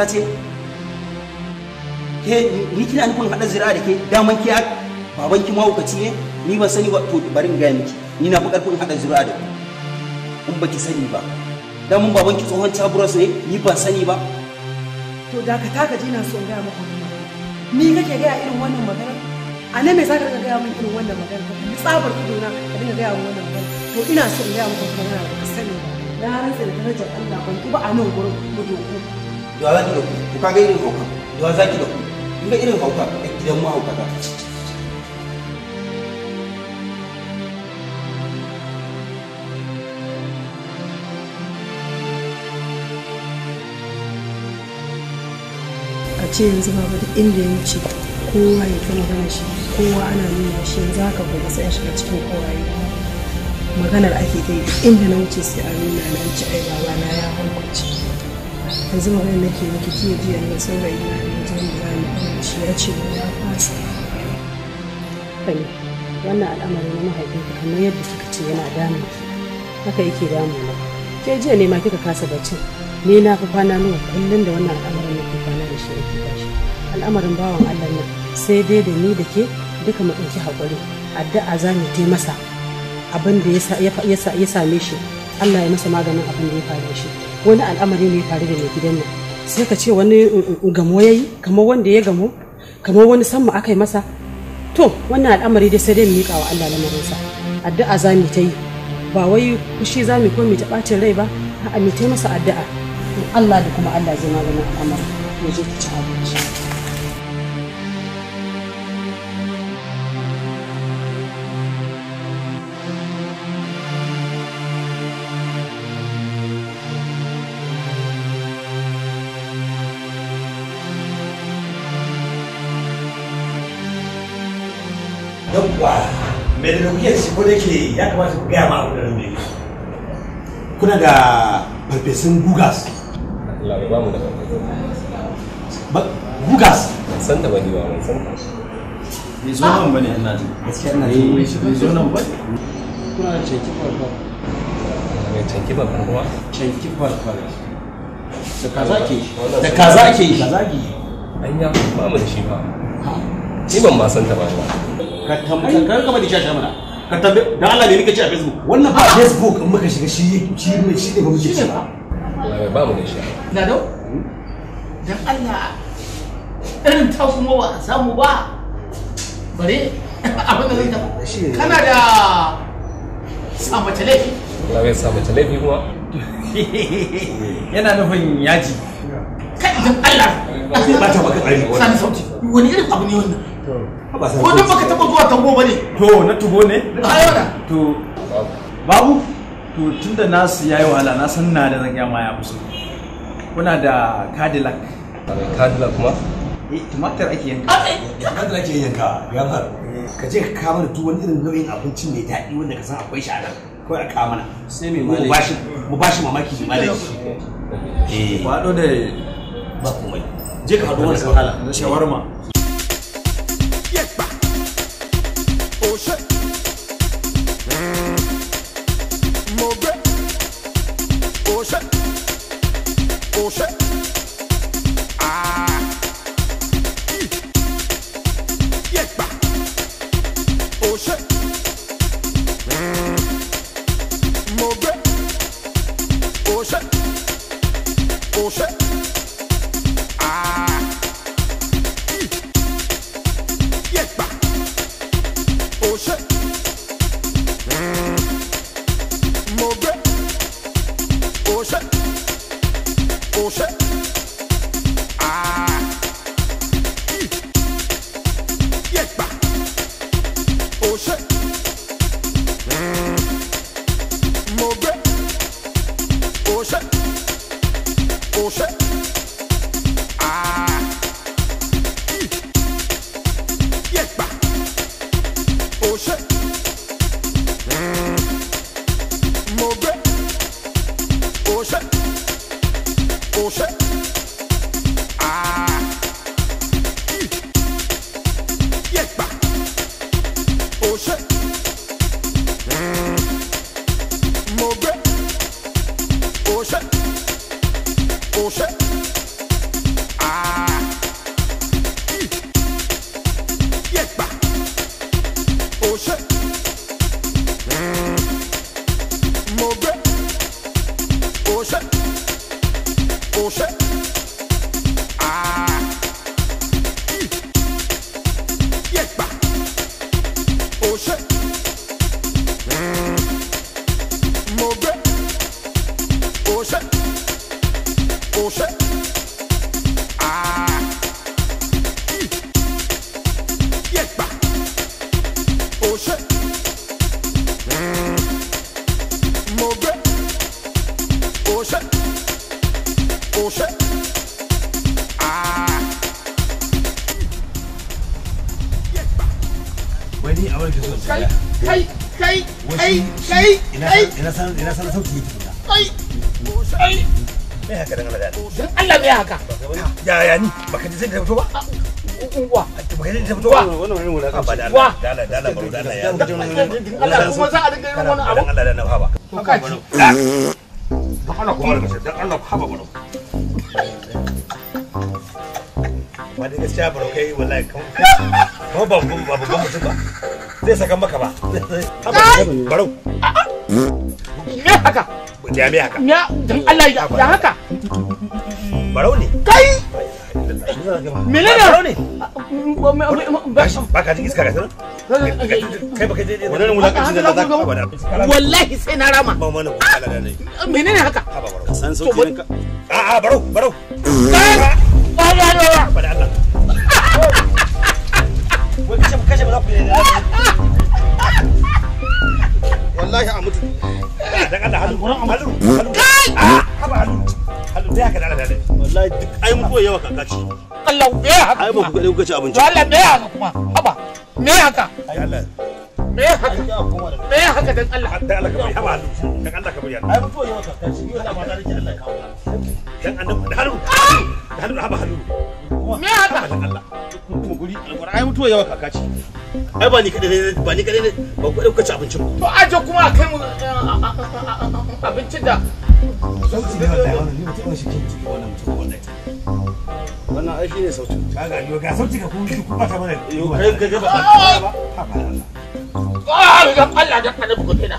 ta ce ke ni kina nufin haɗa zira da ke daman ke baban ki mahaukaci ne ni ban sani ba to bari in gaya miki ni na fi kun haɗa zira da ku in baki sani ba dan mun baban ki tsohon taburas ne ni ban sani ba to da ka taka ji na son gaya maka ni kake gaya irin wannan magana a nan me za ka gaya min irin wannan magana ka tsabar kudu na ka dinga gaya min wannan magana to ina son gaya maka kuma ka sani ba na rantsa da darajar Allah ban ki ba a nan gurin mu doku da za ki da ku to kaga irin hauka da za ki da ku in ga irin hauka a gidan mu hauka a ce yanzu babu duk inda ya wuce kowa ya ta magana shi kowa ana nuna shi yanzu haka gobe sai a shiga cikin kowaye maganar ake ta yi inda na wuce sai a nuna na ci ai baba na ya hankali. yanzu magana nake miki jiya jiya ne saurayi na ne zan yi rana shi ya ce ya fasa kai. wannan al'amarin na mahaifinka kamar yadda kika ce yana damu haka yake damu na ke jiya ne ma kika kasa bacci ni na fi kwana nawa kullum da wannan al'amarin ke kwana da shi yake bashi al'amarin bawan Allah ne sai dai da ni da ke duka mu ɗauki haƙuri addu'a za mu je masa abin da ya same shi Allah ya masa maganin abin da ya faru shi wani al'amari ne faru da mai gidan nan sai ka ce wani eh, eh, eh, gamo ya yi kamar wanda ya gamo kamar wani samma aka yi masa to wannan al'amari dai sai dai mu miƙa wa Allah lamarinsa addu'a za mu ta yi ba wai kushi za mu ko mu ta ɓacin rai ba a'a mu ta masa addu'a Allah da kuma Allah zai magana al'amari mu je ta ci abinci yawwa mai da kuke ci ko da ke ya kamata ku gaya ma abin da nuna yake kuna da farfesun gugas ba mu da gugas san da bani ba mun san ka bai zo nan bane ina ji gaskiya ina ji bai zo nan bane kuna da canki farfar mai canki farfar kuma canki farfar da kaza ke da kaza ke kaza ke anya ba mun shi ba ni ban ma san ta ba ka tambaye ka da shasha mana ka tambaye da Allah ne ka ci a facebook wannan ba facebook in muka shiga shi shi ne shi ne ba muke ci ba ba mu da shi na dan Allah irin ta kuma ba samu ba bare abin da zai ta kana da sa mace laifi Allah bai sa mace laifi kuma yana nufin yaji kai idan Allah ba ta baka sauti wani irin abu ne wannan ko duk baka taba zuwa tango bane to na tugo ne to babu to tunda nasu yayi wahala na san na da zan gaya ma ya musu kuna da cadillac cadillac kuma eh tumatir ake yanka tumatir ake yanka ya fara ka je ka kama duk wani irin nau'in abinci mai daɗi wanda ka san akwai shi a nan kawai a kama na sai mai malai bashi mu bashi mamaki mai malai eh ba eh. da ba komai je ka hado wani wahala shawarma Oh shit. ta wa ya ko zai saka maka ba baro me haka da me haka ya dan Allah ya haka barau ne kai menene barau ne baka jin ka bada wallahi sai na rama ba mana ko ne menene haka san sauki ka a a baro baro bada Allah wai kashe kashe ba za ku ne wallahi a mutu dan Allah halu halu halu Sai haka dala dala. Wallahi duk ai mutuwa yawa kaka shi. Allah me ya haka? Ai ba ku kuka ci abinci. Wallahi me ya haka kuma? aba Me ya haka? Ai Allah. Me ya haka? Me ya haka dan Allah? Dan Allah ka bari haba hannu. Dan Allah ka bari hannu. Ai mutuwa yawa kaka shi. Yau da mata nake Allah ka kawo. Dan annabi da hannu. Da hannu haba hannu. Me ya haka? Dan Allah. Kuma guri alƙur'ani mutuwa yawa kaka ai ba ni kadai ba ni kadai ba ku dauka ci abincin ku a aje kuma kai mu eh, abincin da sauti da ta wannan ne mutum shi kin ciki wannan mutum wannan wannan ai shine sauti ka ga ga sauti ka kuma shi kuma ta mana yo kai ga ba ba ba Allah ga Allah ga annabi ko kenan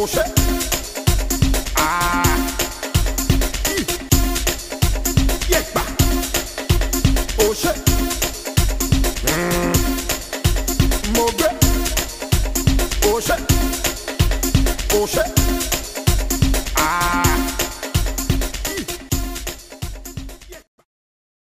Oh shit.